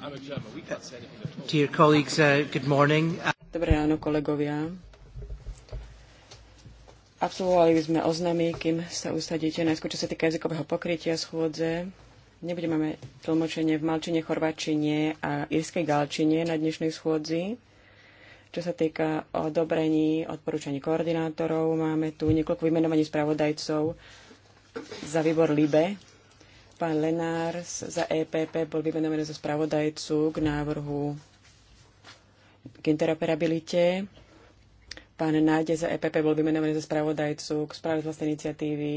Uh, Dobré ráno, kolegovia. Absolvovali by sme oznamy, kým sa usadíte. Najskôr, čo sa týka jazykového pokrytia schôdze, nebudeme mať tlmočenie v malčine, chorvačine a írskej galčine na dnešnej schôdzi. Čo sa týka odobrení, odporúčaní koordinátorov, máme tu niekoľko vymenovaní spravodajcov za výbor LIBE Pán Lenárs za EPP bol vymenovaný za spravodajcu k návrhu k interoperabilite. Pán Nádej za EPP bol vymenovaný za spravodajcu k správe z vlastnej iniciatívy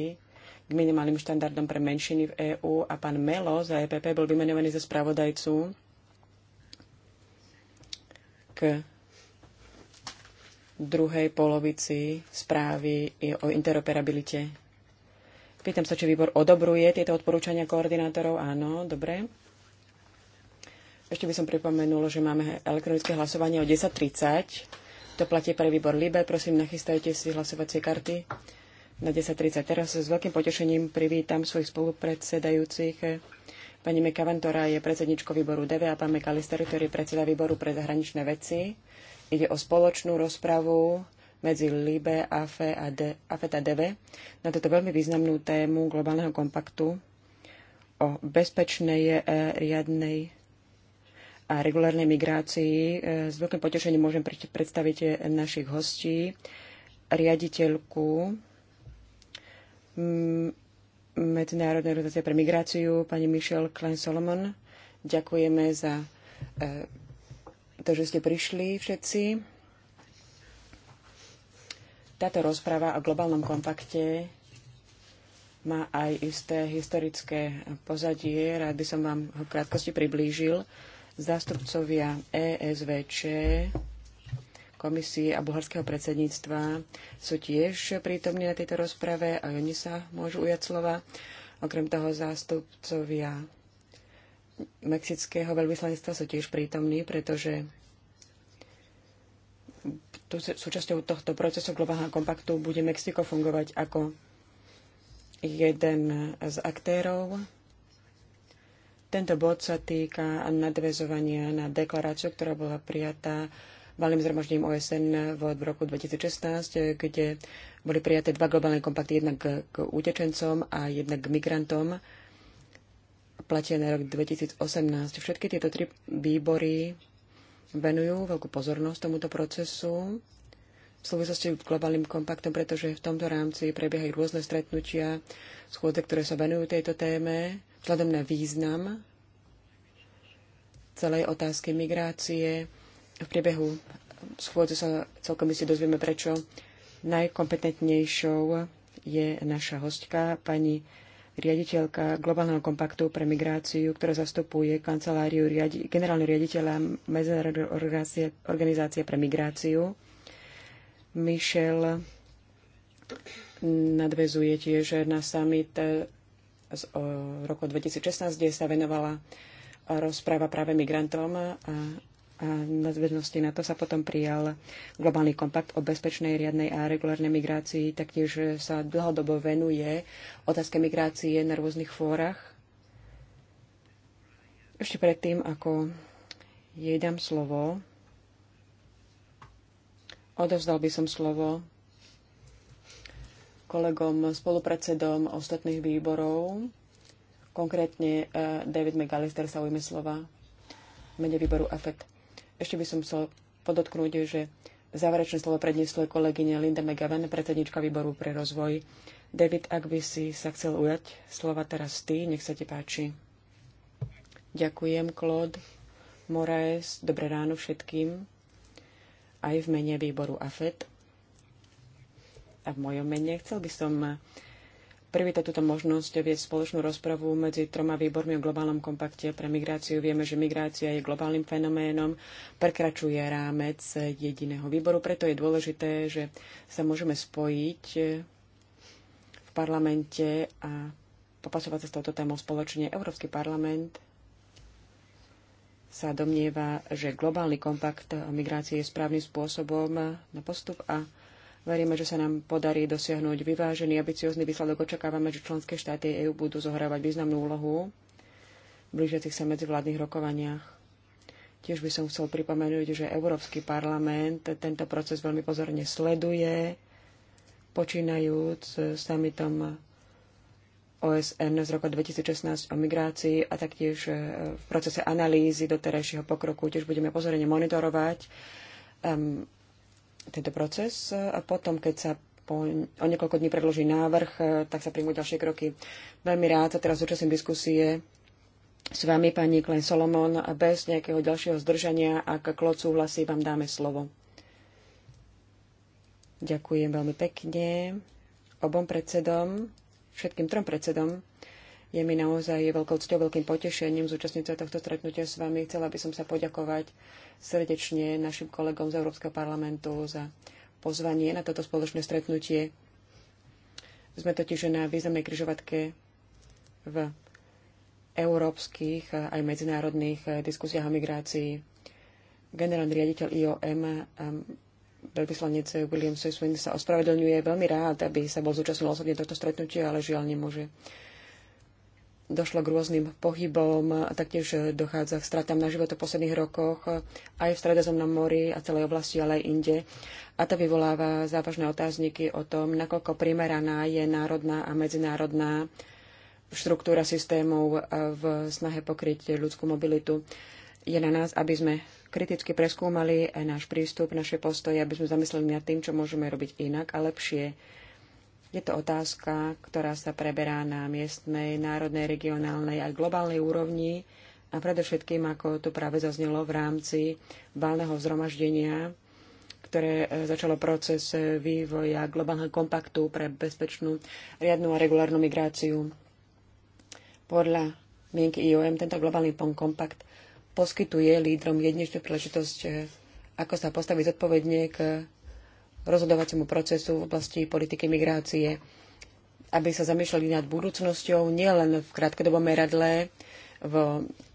k minimálnym štandardom pre menšiny v EÚ a pán Melo za EPP bol vymenovaný za spravodajcu k druhej polovici správy o interoperabilite Pýtam sa, či výbor odobruje tieto odporúčania koordinátorov. Áno, dobre. Ešte by som pripomenula, že máme elektronické hlasovanie o 10.30. To platí pre výbor Libe. Prosím, nachystajte si hlasovacie karty na 10.30. Teraz s veľkým potešením privítam svojich spolupredsedajúcich. Pani Mekavantora ktorá je predsedničko výboru DV a pán Mekalister, ktorý je predseda výboru pre zahraničné veci. Ide o spoločnú rozpravu medzi LIBE, AFE a, de, AFET a DV na túto veľmi významnú tému globálneho kompaktu o bezpečnej, eh, riadnej a regulárnej migrácii. Eh, s veľkým potešením môžem predstaviť eh, našich hostí, riaditeľku mm, Medzinárodnej organizácie pre migráciu, pani Michelle Klein Solomon. Ďakujeme za to, že ste prišli všetci. Táto rozpráva o globálnom kompakte má aj isté historické pozadie. Rád by som vám ho v krátkosti priblížil. Zástupcovia ESVČ, komisie a bulharského predsedníctva sú tiež prítomní na tejto rozprave a oni sa môžu ujať slova. Okrem toho zástupcovia mexického veľvyslanectva sú tiež prítomní, pretože súčasťou tohto procesu globálneho kompaktu bude Mexiko fungovať ako jeden z aktérov. Tento bod sa týka nadvezovania na deklaráciu, ktorá bola prijatá valným zhromaždením OSN v roku 2016, kde boli prijaté dva globálne kompakty, jednak k utečencom a jednak k migrantom. Platia na rok 2018. Všetky tieto tri výbory venujú veľkú pozornosť tomuto procesu v súvislosti s globálnym kompaktom, pretože v tomto rámci prebiehajú rôzne stretnutia, schôdze, ktoré sa venujú tejto téme, vzhľadom na význam celej otázky migrácie. V priebehu schôdze sa celkom si dozvieme, prečo najkompetentnejšou je naša hostka, pani riaditeľka Globálneho kompaktu pre migráciu, ktorá zastupuje kanceláriu riadi- generálneho riaditeľa Medzinárodnej organizácie, organizácie pre migráciu. Michel nadvezuje tiež na summit z roku 2016, kde sa venovala rozpráva práve migrantom a nadväznosti na to sa potom prijal globálny kompakt o bezpečnej, riadnej a regulárnej migrácii. Taktiež sa dlhodobo venuje otázke migrácie na rôznych fórach. Ešte predtým, ako jej dám slovo, odovzdal by som slovo kolegom, spolupredsedom ostatných výborov. Konkrétne eh, David McAllister sa ujme slova v mene výboru AFET. Ešte by som chcel podotknúť, že záverečné slovo predniesla kolegyňa Linda McGavin, predsednička výboru pre rozvoj. David, ak by si sa chcel ujať slova teraz ty, nech sa ti páči. Ďakujem, Claude. Moraes, dobré ráno všetkým, aj v mene výboru AFET. A v mojom mene chcel by som privítať túto možnosť viesť spoločnú rozpravu medzi troma výbormi o globálnom kompakte pre migráciu. Vieme, že migrácia je globálnym fenoménom, prekračuje rámec jediného výboru, preto je dôležité, že sa môžeme spojiť v parlamente a popasovať sa s touto témou spoločne. Európsky parlament sa domnieva, že globálny kompakt o migrácii je správnym spôsobom na postup a Veríme, že sa nám podarí dosiahnuť vyvážený, ambiciózny výsledok. Očakávame, že členské štáty EÚ budú zohrávať významnú úlohu v blížiacich sa medzivládnych rokovaniach. Tiež by som chcel pripomenúť, že Európsky parlament tento proces veľmi pozorne sleduje, počínajúc summitom OSN z roku 2016 o migrácii a taktiež e, v procese analýzy doterajšieho pokroku tiež budeme pozorne monitorovať tento proces a potom, keď sa po, o niekoľko dní predloží návrh, eh, tak sa príjmu ďalšie kroky. Veľmi rád sa teraz zúčastním diskusie s vami, pani Klen Solomon, a bez nejakého ďalšieho zdržania, ak Klod súhlasí, vám dáme slovo. Ďakujem veľmi pekne obom predsedom, všetkým trom predsedom je mi naozaj veľkou cťou, veľkým potešením zúčastniť sa tohto stretnutia s vami. Chcela by som sa poďakovať srdečne našim kolegom z Európskeho parlamentu za pozvanie na toto spoločné stretnutie. Sme totiž na významnej križovatke, v európskych aj medzinárodných diskusiách o migrácii. Generálny riaditeľ IOM um, veľvyslanec William Sussman sa ospravedlňuje. Veľmi rád, aby sa bol zúčastnil osobne tohto stretnutia, ale žiaľ nemôže došlo k rôznym pohybom, a taktiež dochádza k stratám na život v posledných rokoch aj v Stredozemnom mori a celej oblasti, ale aj inde. A to vyvoláva závažné otázniky o tom, nakoľko primeraná je národná a medzinárodná štruktúra systémov v snahe pokryť ľudskú mobilitu. Je na nás, aby sme kriticky preskúmali náš prístup, naše postoje, aby sme zamysleli nad tým, čo môžeme robiť inak a lepšie je to otázka, ktorá sa preberá na miestnej, národnej, regionálnej aj globálnej úrovni a predovšetkým, ako tu práve zaznelo v rámci valného zhromaždenia, ktoré e, začalo proces e, vývoja globálneho kompaktu pre bezpečnú, riadnu a regulárnu migráciu. Podľa mienky IOM tento globálny kompakt poskytuje lídrom jednečnú príležitosť, e, ako sa postaviť zodpovedne k rozhodovaciemu procesu v oblasti politiky migrácie, aby sa zamýšľali nad budúcnosťou nielen v krátkodobom meradle, v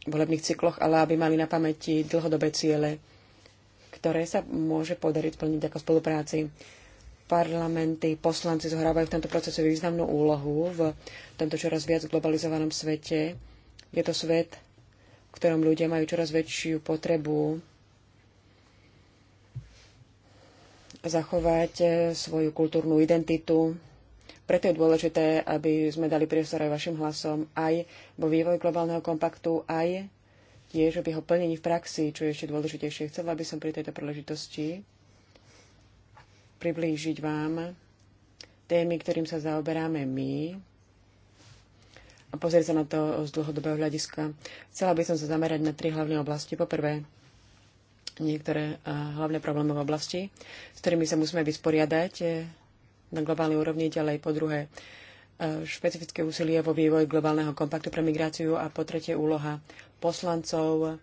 volebných cykloch, ale aby mali na pamäti dlhodobé ciele, ktoré sa môže podariť splniť ako spolupráci. Parlamenty, poslanci zohrávajú v tomto procese významnú úlohu v tomto čoraz viac globalizovanom svete. Je to svet, v ktorom ľudia majú čoraz väčšiu potrebu zachovať e, svoju kultúrnu identitu. Preto je dôležité, aby sme dali priestor aj vašim hlasom aj vo vývoji globálneho kompaktu, aj tiež v jeho plnení v praxi, čo je ešte dôležitejšie. Chcela by som pri tejto príležitosti priblížiť vám témy, ktorým sa zaoberáme my a pozrieť sa na to z dlhodobého hľadiska. Chcela by som sa zamerať na tri hlavné oblasti. Po prvé, niektoré eh, hlavné problémy v oblasti, s ktorými sa musíme vysporiadať eh, na globálnej úrovni, ďalej po druhé eh, špecifické úsilie vo vývoji globálneho kompaktu pre migráciu a po tretie úloha poslancov,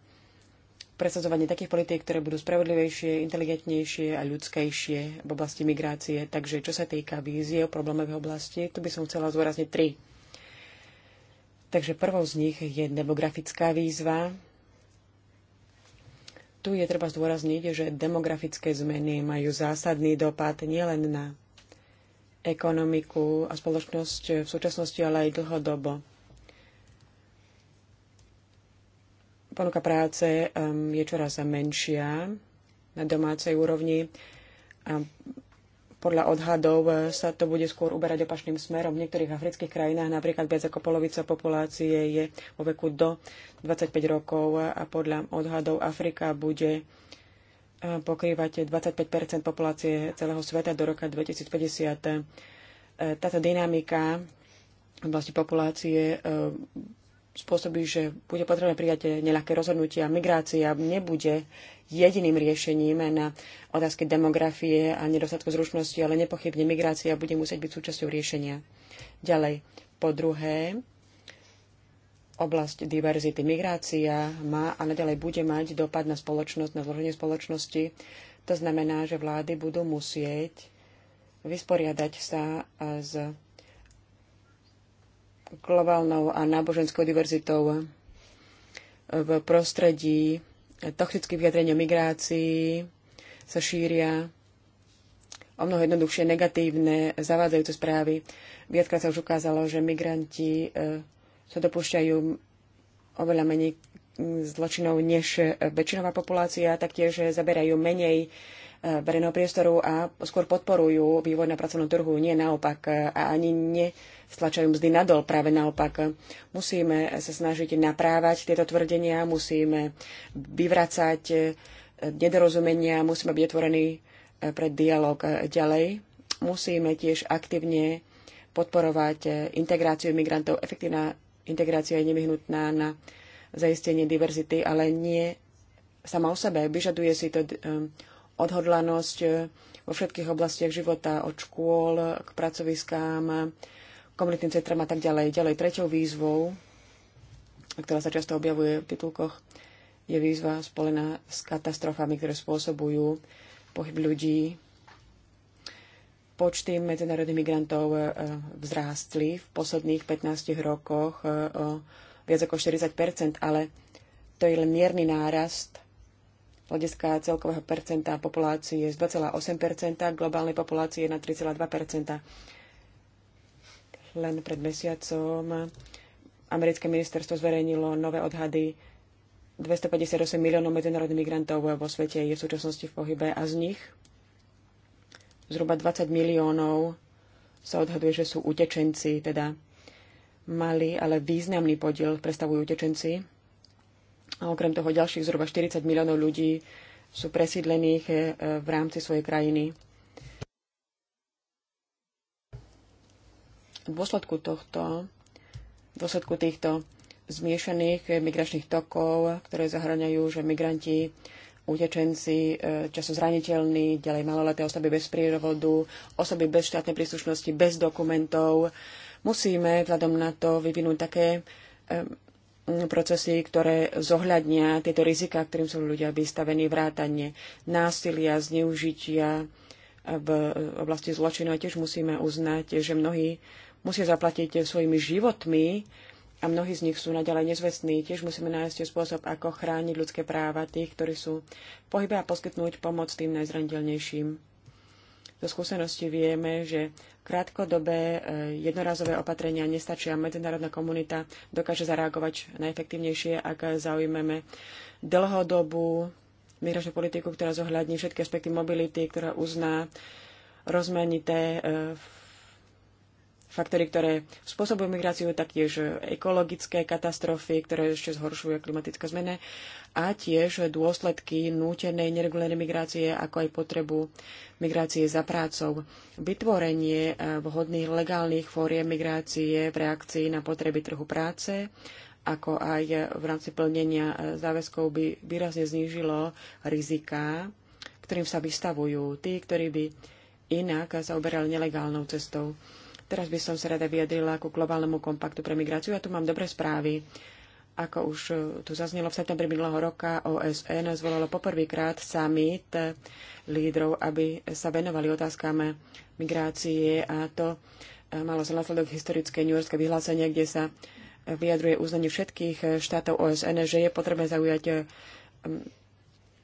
presadzovanie takých politík, ktoré budú spravodlivejšie, inteligentnejšie a ľudskejšie v oblasti migrácie. Takže čo sa týka vízie o problémovej oblasti, tu by som chcela zdôrazniť tri. Takže prvou z nich je demografická výzva, tu je treba zdôrazniť, že demografické zmeny majú zásadný dopad nielen na ekonomiku a spoločnosť v súčasnosti, ale aj dlhodobo. Ponuka práce um, je čoraz menšia na domácej úrovni a podľa odhadov e, sa to bude skôr uberať opačným smerom. V niektorých afrických krajinách napríklad viac ako polovica populácie je vo veku do 25 rokov a podľa odhadov Afrika bude e, pokrývať 25 populácie celého sveta do roka 2050. E, táto dynamika v oblasti populácie spôsobí, že bude potrebné prijať neľahké rozhodnutia. Migrácia nebude jediným riešením na otázky demografie a nedostatku zručnosti, ale nepochybne migrácia bude musieť byť súčasťou riešenia. Ďalej, po druhé, oblasť diverzity. Migrácia má a naďalej bude mať dopad na spoločnosť, na zloženie spoločnosti. To znamená, že vlády budú musieť vysporiadať sa s globálnou a náboženskou diverzitou v prostredí toxických vyjadrení o migrácii sa šíria o mnoho jednoduchšie negatívne, zavádzajúce správy. Viackrát sa už ukázalo, že migranti e, sa dopúšťajú oveľa menej zločinov než väčšinová populácia, taktiež zaberajú menej verejného priestoru a skôr podporujú vývoj na pracovnom trhu, nie naopak a ani nestlačajú mzdy nadol, práve naopak. Musíme sa snažiť naprávať tieto tvrdenia, musíme vyvracať eh, nedorozumenia, musíme byť otvorení eh, pre dialog ďalej. Musíme tiež aktívne podporovať eh, integráciu migrantov. Efektívna integrácia je nevyhnutná na zaistenie diverzity, ale nie sama o sebe. Vyžaduje si to odhodlanosť e, vo všetkých oblastiach života, od škôl k pracoviskám, komunitným centram a tak ďalej. Ďalej treťou výzvou, ktorá sa často objavuje v titulkoch, je výzva spolená s katastrofami, ktoré spôsobujú pohyb ľudí. Počty medzinárodných migrantov e, vzrástli v posledných 15 rokoch e, o viac ako 40 ale to je len mierny nárast hľadiska celkového percenta populácie z 2,8 globálnej populácie na 3,2 Len pred mesiacom americké ministerstvo zverejnilo nové odhady 258 miliónov medzinárodných migrantov vo svete je v súčasnosti v pohybe a z nich zhruba 20 miliónov sa odhaduje, že sú utečenci, teda malý, ale významný podiel predstavujú utečenci a okrem toho ďalších zhruba 40 miliónov ľudí sú presídlených eh, v rámci svojej krajiny. V dôsledku tohto, v dôsledku týchto zmiešaných migračných tokov, ktoré zahraňajú, že migranti, utečenci, eh, často zraniteľní, ďalej maloleté osoby bez prierovodu, osoby bez štátnej príslušnosti, bez dokumentov. Musíme vzhľadom na to vyvinúť také eh, procesy, ktoré zohľadnia tieto riziká, ktorým sú ľudia vystavení, vrátanie násilia, zneužitia v oblasti zločinu. A tiež musíme uznať, že mnohí musia zaplatiť svojimi životmi a mnohí z nich sú naďalej nezvestní. Tiež musíme nájsť spôsob, ako chrániť ľudské práva tých, ktorí sú v pohybe a poskytnúť pomoc tým najzraniteľnejším zo skúsenosti vieme, že krátkodobé e, jednorazové opatrenia nestačia. Medzinárodná komunita dokáže zareagovať najefektívnejšie, ak zaujmeme dlhodobú migračnú politiku, ktorá zohľadní všetky aspekty mobility, ktorá uzná rozmanité e, faktory, ktoré spôsobujú migráciu, taktiež ekologické katastrofy, ktoré ešte zhoršujú klimatické zmeny a tiež dôsledky nútenej neregulárnej migrácie, ako aj potrebu migrácie za prácou. Vytvorenie eh, vhodných legálnych fóriem migrácie v reakcii na potreby trhu práce, ako aj v rámci plnenia eh, záväzkov by výrazne znížilo riziká, ktorým sa vystavujú tí, ktorí by inak sa uberali nelegálnou cestou. Teraz by som sa rada vyjadrila ku globálnemu kompaktu pre migráciu. Ja tu mám dobré správy. Ako už e, tu zaznelo v septembri minulého roka, OSN zvolalo poprvýkrát summit e, lídrov, aby sa venovali otázkam migrácie a to e, malo sa následok historické New Yorkské vyhlásenie, kde sa vyjadruje uznanie všetkých štátov OSN, že je potrebné zaujať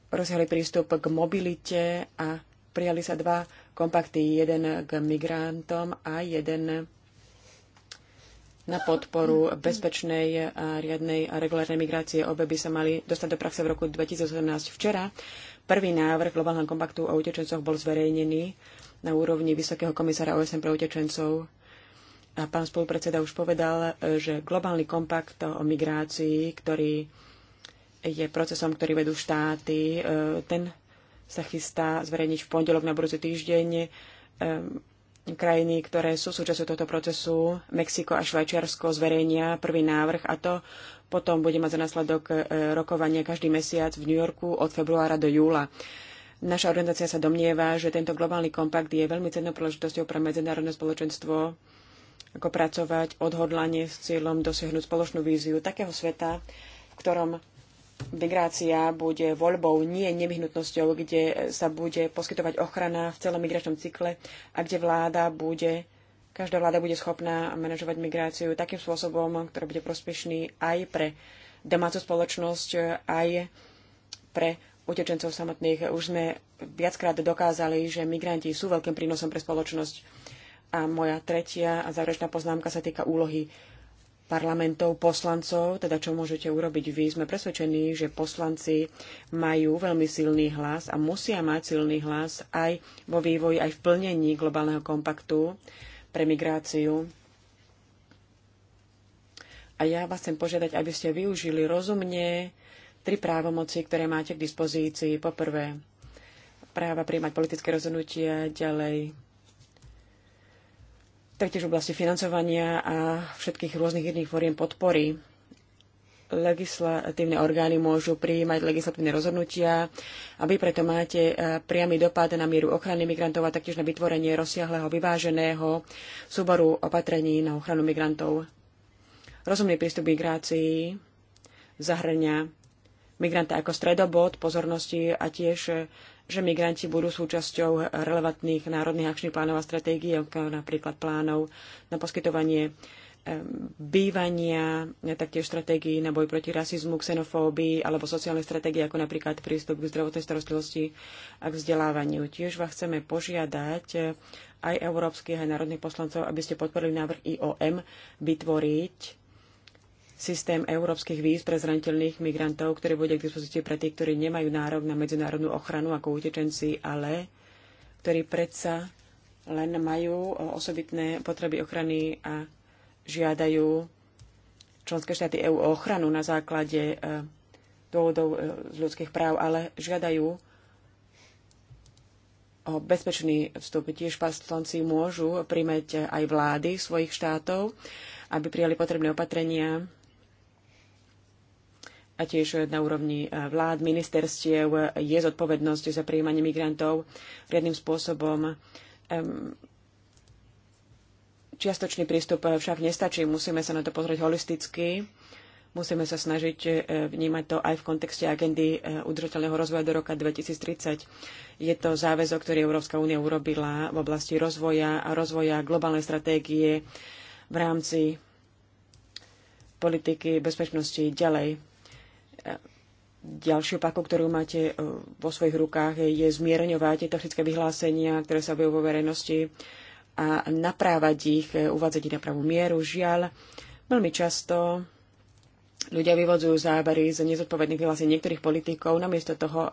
rozsiahly prístup k mobilite a prijali sa dva kompakty, jeden k migrantom a jeden na podporu bezpečnej a riadnej a regulárnej migrácie. Obe by sa mali dostať do praxe v roku 2018. Včera prvý návrh globálneho kompaktu o utečencoch bol zverejnený na úrovni Vysokého komisára OSN pre utečencov. A pán spolupredseda už povedal, že globálny kompakt o migrácii, ktorý je procesom, ktorý vedú štáty, e, ten sa chystá zverejniť v pondelok na budúci týždeň. Krajiny, ktoré sú súčasťou tohto procesu, Mexiko a Švajčiarsko, zverejnia prvý návrh a to potom bude mať za následok e, rokovania každý mesiac v New Yorku od februára do júla. Naša organizácia sa domnieva, že tento globálny kompakt je veľmi cennou príležitosťou pre medzinárodné spoločenstvo ako pracovať odhodlanie s cieľom dosiahnuť spoločnú víziu takého sveta, v ktorom migrácia bude voľbou, nie nevyhnutnosťou, kde sa bude poskytovať ochrana v celom migračnom cykle a kde vláda bude, každá vláda bude schopná manažovať migráciu takým spôsobom, ktorý bude prospešný aj pre domácu spoločnosť, aj pre utečencov samotných. Už sme viackrát dokázali, že migranti sú veľkým prínosom pre spoločnosť. A moja tretia a záverečná poznámka sa týka úlohy parlamentov, poslancov, teda čo môžete urobiť vy. Sme presvedčení, že poslanci majú veľmi silný hlas a musia mať silný hlas aj vo vývoji, aj v plnení globálneho kompaktu pre migráciu. A ja vás chcem požiadať, aby ste využili rozumne tri právomoci, ktoré máte k dispozícii. poprvé, práva príjmať politické rozhodnutia, ďalej taktiež v oblasti financovania a všetkých rôznych iných foriem podpory. Legislatívne orgány môžu prijímať legislatívne rozhodnutia a vy preto máte e, priamy dopad na mieru ochrany migrantov a taktiež na vytvorenie rozsiahleho vyváženého súboru opatrení na ochranu migrantov. Rozumný prístup k migrácii zahrňa migranta ako stredobod pozornosti a tiež že migranti budú súčasťou relevantných národných akčných plánov a stratégií, ako napríklad plánov na poskytovanie bývania, taktiež stratégií na boj proti rasizmu, xenofóbii alebo sociálne stratégie, ako napríklad prístup k zdravotnej starostlivosti a k vzdelávaniu. Tiež vás chceme požiadať eh, aj európskych, aj národných poslancov, aby ste podporili návrh IOM vytvoriť systém európskych víz pre zraniteľných migrantov, ktorý bude k dispozícii pre tých, ktorí nemajú nárok na medzinárodnú ochranu ako utečenci, ale ktorí predsa len majú e, osobitné potreby ochrany a žiadajú členské štáty EÚ o ochranu na základe e, dôvodov e, z ľudských práv, ale žiadajú o bezpečný vstup. Tiež pastlonci môžu príjmať aj vlády svojich štátov, aby prijali potrebné opatrenia a tiež na úrovni e, vlád, ministerstiev je zodpovednosť za prijímanie migrantov riadnym spôsobom. Čiastočný prístup však nestačí, musíme sa na to pozrieť holisticky. Musíme sa snažiť e, vnímať to aj v kontexte agendy e, udržateľného rozvoja do roka 2030. Je to záväzok, ktorý Európska únia urobila v oblasti rozvoja a rozvoja globálnej stratégie v rámci politiky bezpečnosti ďalej Ďalšiu pakou, ktorú máte e, vo svojich rukách, je zmierňovať tieto všetky vyhlásenia, ktoré sa objavujú vo verejnosti a naprávať ich, e, uvádzať ich na pravú mieru. Žiaľ, veľmi často ľudia vyvodzujú zábery z nezodpovedných vyhlásení niektorých politikov, namiesto toho,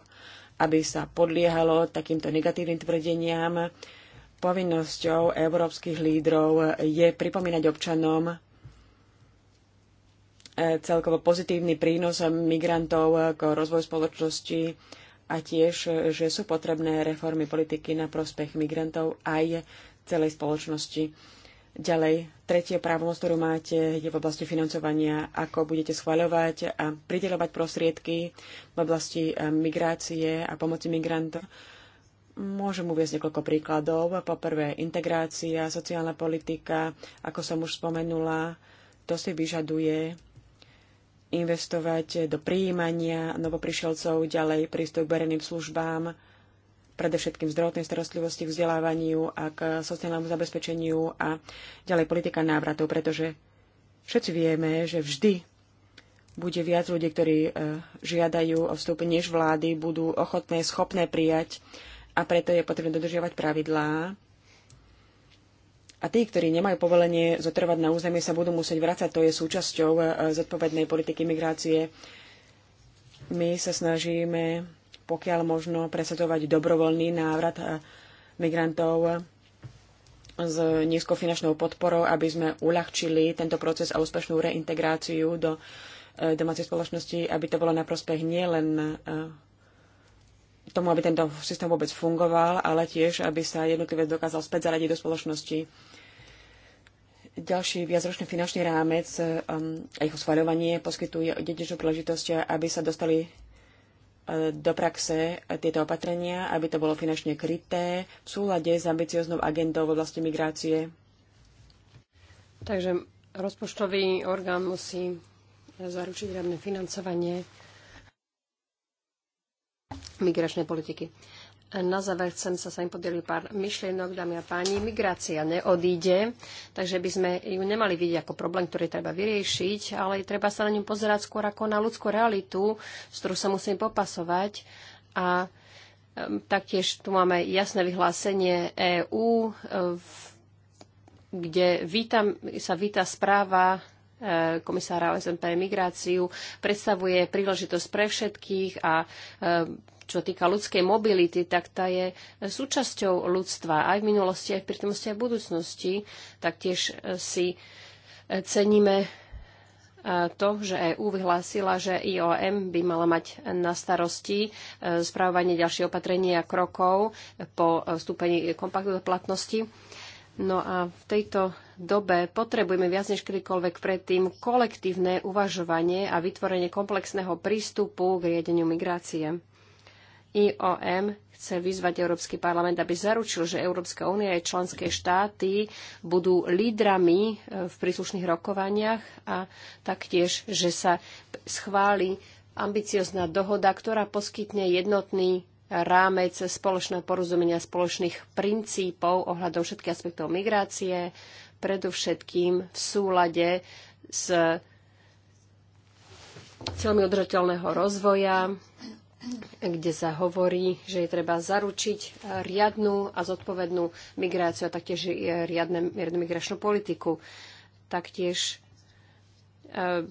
aby sa podliehalo takýmto negatívnym tvrdeniam. Povinnosťou európskych lídrov je pripomínať občanom, E, celkovo pozitívny prínos migrantov k rozvoju spoločnosti a tiež, že sú potrebné reformy politiky na prospech migrantov aj celej spoločnosti. Ďalej, tretie právomoc, ktorú máte, je v oblasti financovania, ako budete schvaľovať a prideľovať prostriedky v oblasti e, migrácie a pomoci migrantov. Môžem uviezť niekoľko príkladov. Po prvé, integrácia, sociálna politika, ako som už spomenula, to si vyžaduje investovať do prijímania novoprišielcov ďalej prístup k verejným službám, predovšetkým zdravotnej starostlivosti, vzdelávaniu a k sociálnemu zabezpečeniu a ďalej politika návratov, pretože všetci vieme, že vždy bude viac ľudí, ktorí e, žiadajú o vstup, než vlády budú ochotné, schopné prijať a preto je potrebné dodržiavať pravidlá, a tí, ktorí nemajú povolenie zotrvať na území, sa budú musieť vrácať. To je súčasťou e, zodpovednej politiky migrácie. My sa snažíme, pokiaľ možno, presadovať dobrovoľný návrat e, migrantov e, s nízkou finančnou podporou, aby sme uľahčili tento proces a úspešnú reintegráciu do domácej spoločnosti, aby to bolo na prospech nielen tomu, aby tento systém vôbec fungoval, ale tiež, aby sa jednotlivec dokázal späť zaradiť do spoločnosti. Ďalší viacročný finančný rámec um, a jeho osvaľovanie poskytuje dedičnú príležitosť, aby sa dostali uh, do praxe tieto opatrenia, aby to bolo finančne kryté v súlade s ambicioznou agendou v oblasti migrácie. Takže rozpočtový orgán musí zaručiť riadne financovanie migračnej politiky. Na záver chcem sa s vami podeliť pár myšlienok, dámy a páni. Migrácia neodíde, takže by sme ju nemali vidieť ako problém, ktorý treba vyriešiť, ale treba sa na ňu pozerať skôr ako na ľudskú realitu, s ktorú sa musím popasovať. A taktiež tu máme jasné vyhlásenie EÚ, e, kde sa víta správa E, komisára OSN pre migráciu, predstavuje príležitosť pre všetkých a e, čo týka ľudskej mobility, tak tá je súčasťou ľudstva aj v minulosti, aj v prítomnosti, aj v budúcnosti. Taktiež e, si ceníme to, že EÚ vyhlásila, že IOM by mala mať na starosti správovanie ďalších opatrení a krokov po vstúpení kompaktu do platnosti. No a v tejto dobe potrebujeme viac než kedykoľvek predtým kolektívne uvažovanie a vytvorenie komplexného prístupu k riadeniu migrácie. IOM chce vyzvať Európsky parlament, aby zaručil, že Európska únia aj členské štáty budú lídrami e, v príslušných rokovaniach a taktiež, že sa schváli ambiciozná dohoda, ktorá poskytne jednotný rámec spoločného porozumenia spoločných princípov ohľadom všetkých aspektov migrácie, predovšetkým v súlade s cieľmi udržateľného rozvoja, kde sa hovorí, že je treba zaručiť riadnu a zodpovednú migráciu a taktiež riadne, riadnu migračnú politiku. Taktiež e,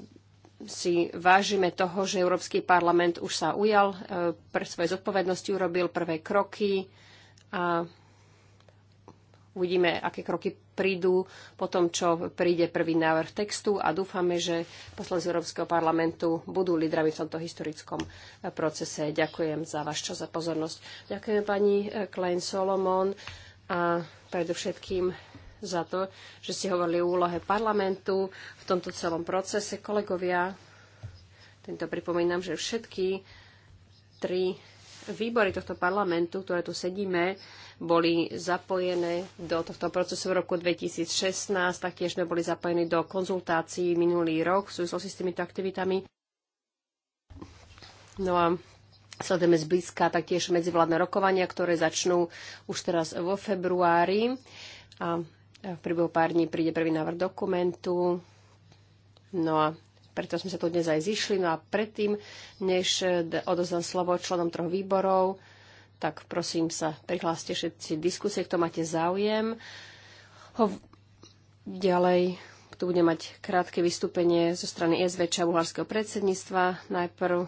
si vážime toho, že Európsky parlament už sa ujal e, pre svoje zodpovednosti, urobil prvé kroky a uvidíme, aké kroky prídu po tom, čo príde prvý návrh textu a dúfame, že poslanci Európskeho parlamentu budú lídrami v tomto historickom e, procese. Ďakujem za váš čas a pozornosť. Ďakujem pani e, Klein Solomon a predovšetkým za to, že ste hovorili o úlohe parlamentu v tomto celom procese. Kolegovia, týmto pripomínam, že všetky tri výbory tohto parlamentu, ktoré tu sedíme, boli zapojené do tohto procesu v roku 2016, taktiež sme boli zapojení do konzultácií minulý rok v súvislosti s týmito aktivitami. No a sledujeme zblízka taktiež medzivládne rokovania, ktoré začnú už teraz vo februári. A E, v priebehu pár dní príde prvý návrh dokumentu. No a preto sme sa tu dnes aj zišli. No a predtým, než e, odozdám slovo členom troch výborov, tak prosím sa, prihláste všetci diskusie, kto máte záujem. Ho... Ďalej tu bude mať krátke vystúpenie zo strany SVČ a bulharského predsedníctva. Najprv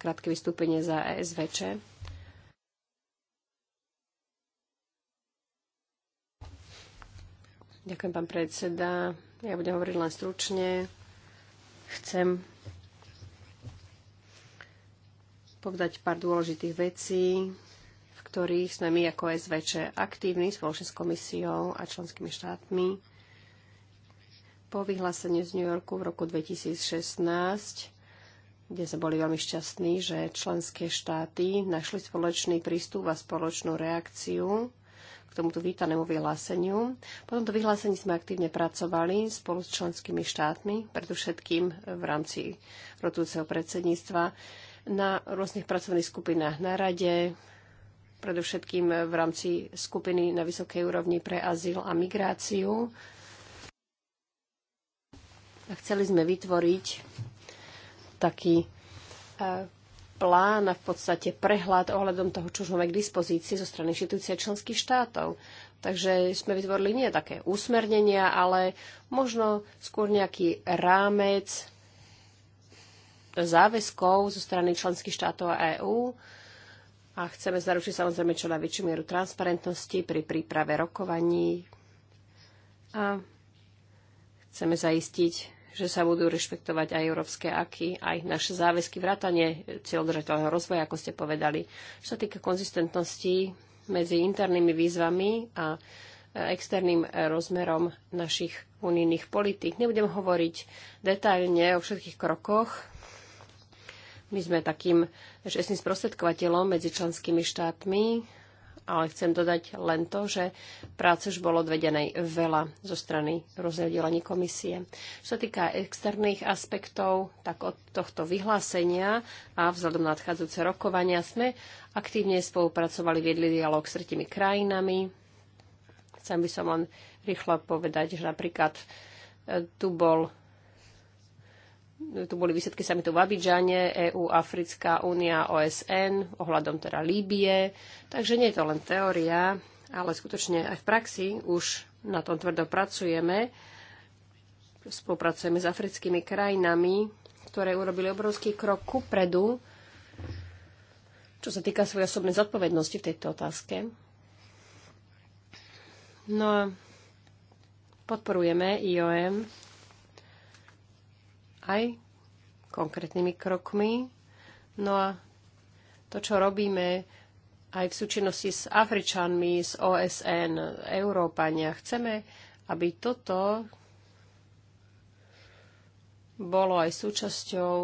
krátke vystúpenie za e SVČ. Ďakujem, pán predseda. Ja budem hovoriť len stručne. Chcem povedať pár dôležitých vecí, v ktorých sme my ako SVČ aktívni spoločne s komisiou a členskými štátmi. Po vyhlásení z New Yorku v roku 2016, kde sme boli veľmi šťastní, že členské štáty našli spoločný prístup a spoločnú reakciu k tomuto vítanému vyhláseniu. Po tomto vyhlásení sme aktívne pracovali spolu s členskými štátmi, predovšetkým v rámci rotujúceho predsedníctva, na rôznych pracovných skupinách na rade, predovšetkým v rámci skupiny na vysokej úrovni pre azyl a migráciu. A chceli sme vytvoriť taký eh, plán a v podstate prehľad ohľadom toho, čo už máme k dispozícii zo strany inštitúcie členských štátov. Takže sme vytvorili nie také usmernenia, ale možno skôr nejaký rámec záväzkov zo strany členských štátov a EÚ a chceme zaručiť samozrejme čo najväčšiu mieru transparentnosti pri príprave rokovaní a chceme zaistiť že sa budú rešpektovať aj európske aky, aj naše záväzky vrátanie cieľ držateľného rozvoja, ako ste povedali. Čo sa týka konzistentnosti medzi internými výzvami a e, externým e, rozmerom našich unijných politík. Nebudem hovoriť detailne o všetkých krokoch. My sme takým čestným sprostredkovateľom medzi členskými štátmi ale chcem dodať len to, že práce už bolo odvedenej veľa zo strany rozdelení komisie. Čo sa týka externých aspektov, tak od tohto vyhlásenia a vzhľadom na nadchádzajúce rokovania sme aktívne spolupracovali, viedli dialog s tretimi krajinami. Chcem by som len rýchlo povedať, že napríklad e, tu bol tu boli výsledky samitu v Abidžane, EU, Africká únia, OSN, ohľadom teda Líbie. Takže nie je to len teória, ale skutočne aj v praxi už na tom tvrdo pracujeme. Spolupracujeme s africkými krajinami, ktoré urobili obrovský krok kupredu, čo sa týka svojej osobnej zodpovednosti v tejto otázke. No a podporujeme IOM aj konkrétnymi krokmi. No a to, čo robíme aj v súčinnosti s Afričanmi, s OSN, Európania, chceme, aby toto bolo aj súčasťou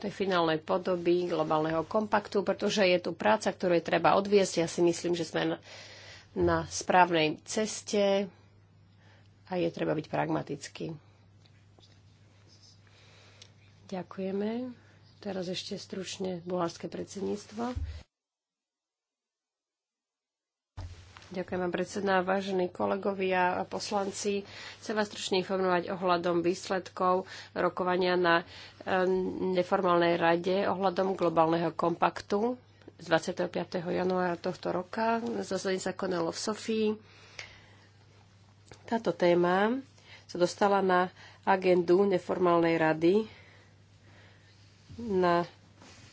tej finálnej podoby globálneho kompaktu, pretože je tu práca, ktorú je treba odviesť. Ja si myslím, že sme na, na správnej ceste a je treba byť pragmatický. Ďakujeme. Teraz ešte stručne bulharské predsedníctvo. Ďakujem, pán predseda, vážení kolegovia a poslanci. Chcem vás stručne informovať ohľadom výsledkov rokovania na neformálnej rade ohľadom globálneho kompaktu z 25. januára tohto roka. Zasadenie sa konalo v Sofii. Táto téma sa dostala na agendu neformálnej rady na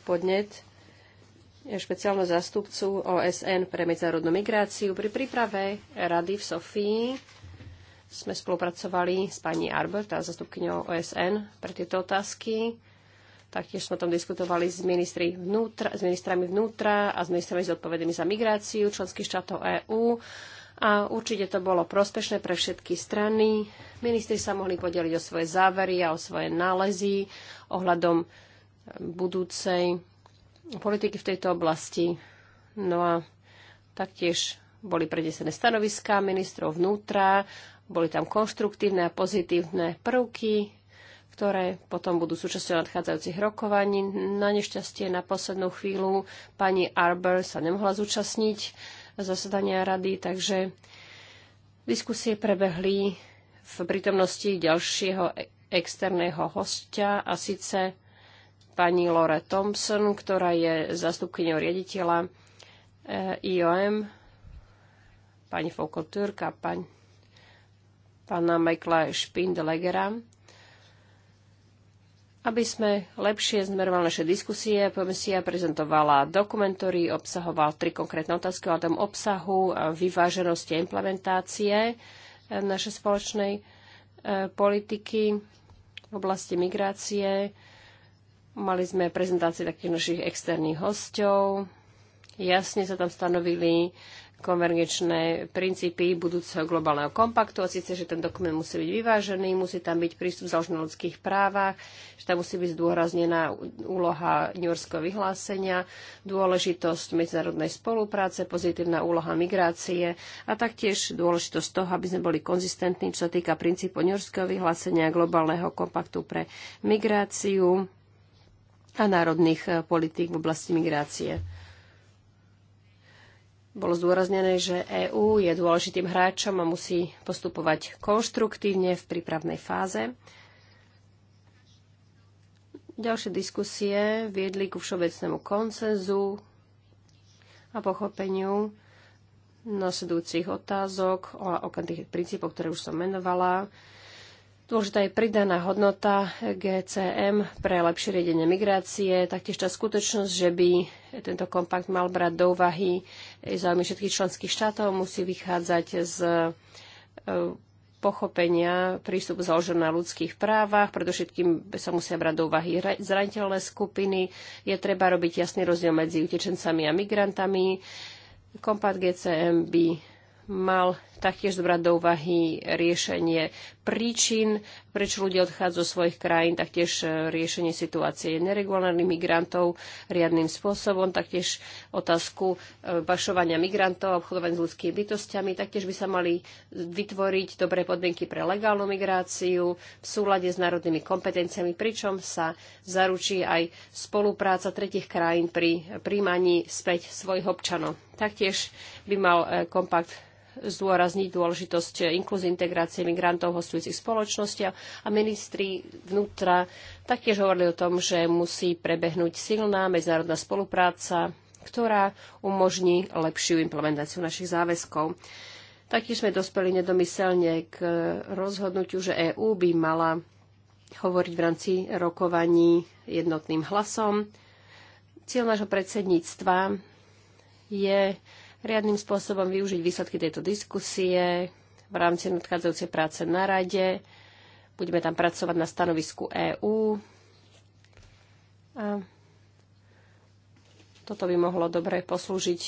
podnet špeciálneho zastupcu OSN pre medzinárodnú migráciu. Pri príprave rady v Sofii sme spolupracovali s pani Arbert a zastupkyňou OSN pre tieto otázky. Taktiež sme o tom diskutovali s, ministri vnútra, s ministrami vnútra a s ministrami zodpovednými za migráciu členských štátov EÚ. A určite to bolo prospešné pre všetky strany. Ministri sa mohli podeliť o svoje závery a o svoje nálezy ohľadom budúcej politiky v tejto oblasti. No a taktiež boli predesené stanoviská ministrov vnútra, boli tam konštruktívne a pozitívne prvky, ktoré potom budú súčasťou nadchádzajúcich rokovaní. Na nešťastie na poslednú chvíľu pani Arber sa nemohla zúčastniť zasadania rady, takže diskusie prebehli v prítomnosti ďalšieho e- externého hostia a síce pani Lore Thompson, ktorá je zastupkyňou riaditeľa eh, IOM, pani Fouko Turka, pani, pána Michaela Špindelegera, aby sme lepšie zmerovali naše diskusie, komisia prezentovala dokument, ktorý obsahoval tri konkrétne otázky o tom obsahu, vyváženosti a implementácie eh, našej spoločnej eh, politiky v oblasti migrácie, Mali sme prezentácie takých našich externých hostov. Jasne sa tam stanovili konvergenčné princípy budúceho globálneho kompaktu, a síce, že ten dokument musí byť vyvážený, musí tam byť prístup založený na ľudských právach, že tam musí byť zdôraznená úloha New Yorkského vyhlásenia, dôležitosť medzinárodnej spolupráce, pozitívna úloha migrácie a taktiež dôležitosť toho, aby sme boli konzistentní, čo sa týka princípu New Yorkského vyhlásenia globálneho kompaktu pre migráciu a národných e, politík v oblasti migrácie. Bolo zdôraznené, že EÚ je dôležitým hráčom a musí postupovať konštruktívne v prípravnej fáze. Ďalšie diskusie viedli ku všeobecnému koncenzu a pochopeniu nasledujúcich otázok a okamžitých princípov, ktoré už som menovala. Dôležitá je pridaná hodnota GCM pre lepšie riedenie migrácie, taktiež tá skutočnosť, že by tento kompakt mal brať do úvahy záujmy všetkých členských štátov, musí vychádzať z e, pochopenia prístup založený na ľudských právach, predovšetkým sa musia brať do úvahy zraniteľné skupiny, je treba robiť jasný rozdiel medzi utečencami a migrantami. Kompakt GCM by mal taktiež zobrať do úvahy riešenie príčin, prečo ľudia odchádzajú zo svojich krajín, taktiež e, riešenie situácie neregulárnych migrantov riadným spôsobom, taktiež otázku bašovania e, migrantov a obchodovania s ľudskými bytostiami, taktiež by sa mali vytvoriť dobré podmienky pre legálnu migráciu v súlade s národnými kompetenciami, pričom sa zaručí aj spolupráca tretich krajín pri príjmaní späť svojich občanov. Taktiež by mal e, kompakt zdôrazniť dôležitosť inkluzí integrácie migrantov hostujúcich spoločnosti a ministri vnútra taktiež hovorili o tom, že musí prebehnúť silná medzinárodná spolupráca, ktorá umožní lepšiu implementáciu našich záväzkov. Taktiež sme dospeli nedomyselne k rozhodnutiu, že EÚ by mala hovoriť v rámci rokovaní jednotným hlasom. Cieľ nášho predsedníctva je riadnym spôsobom využiť výsledky tejto diskusie v rámci nadchádzajúcej práce na rade. Budeme tam pracovať na stanovisku EÚ. A toto by mohlo dobre poslúžiť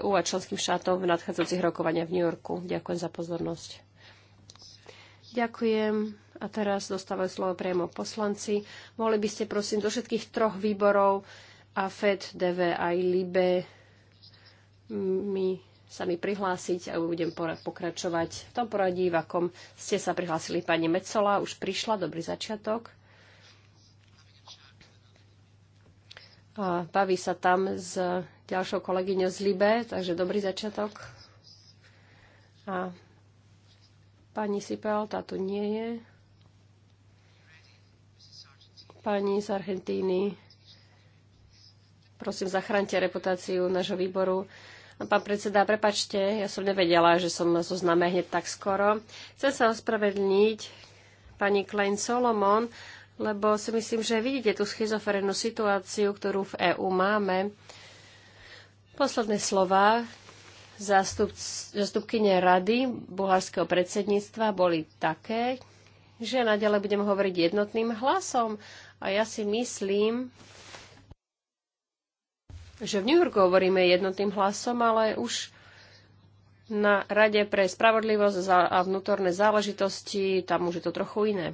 EÚ e a členským štátom v nadchádzajúcich rokovaniach v New Yorku. Ďakujem za pozornosť. Ďakujem. A teraz dostávajú slovo priamo poslanci. Mohli by ste prosím zo všetkých troch výborov AFED, DV a ILIBE mi, sa mi prihlásiť a budem pokračovať v tom poradí, v akom ste sa prihlásili. Pani Mecola už prišla, dobrý začiatok. A baví sa tam s ďalšou kolegyňou z Libe, takže dobrý začiatok. A pani Sipel, tá tu nie je. Pani z Argentíny, prosím, zachránte reputáciu nášho výboru. Pán predseda, prepačte, ja som nevedela, že som na zozname hneď tak skoro. Chcem sa ospravedlniť pani Klein Solomon, lebo si myslím, že vidíte tú schizofrenú situáciu, ktorú v EÚ máme. Posledné slova zástup, zastupkyne rady bulharského predsedníctva boli také, že naďalej budem hovoriť jednotným hlasom. A ja si myslím, že v New Yorku hovoríme jednotným hlasom, ale už na Rade pre spravodlivosť a vnútorné záležitosti, tam už je to trochu iné.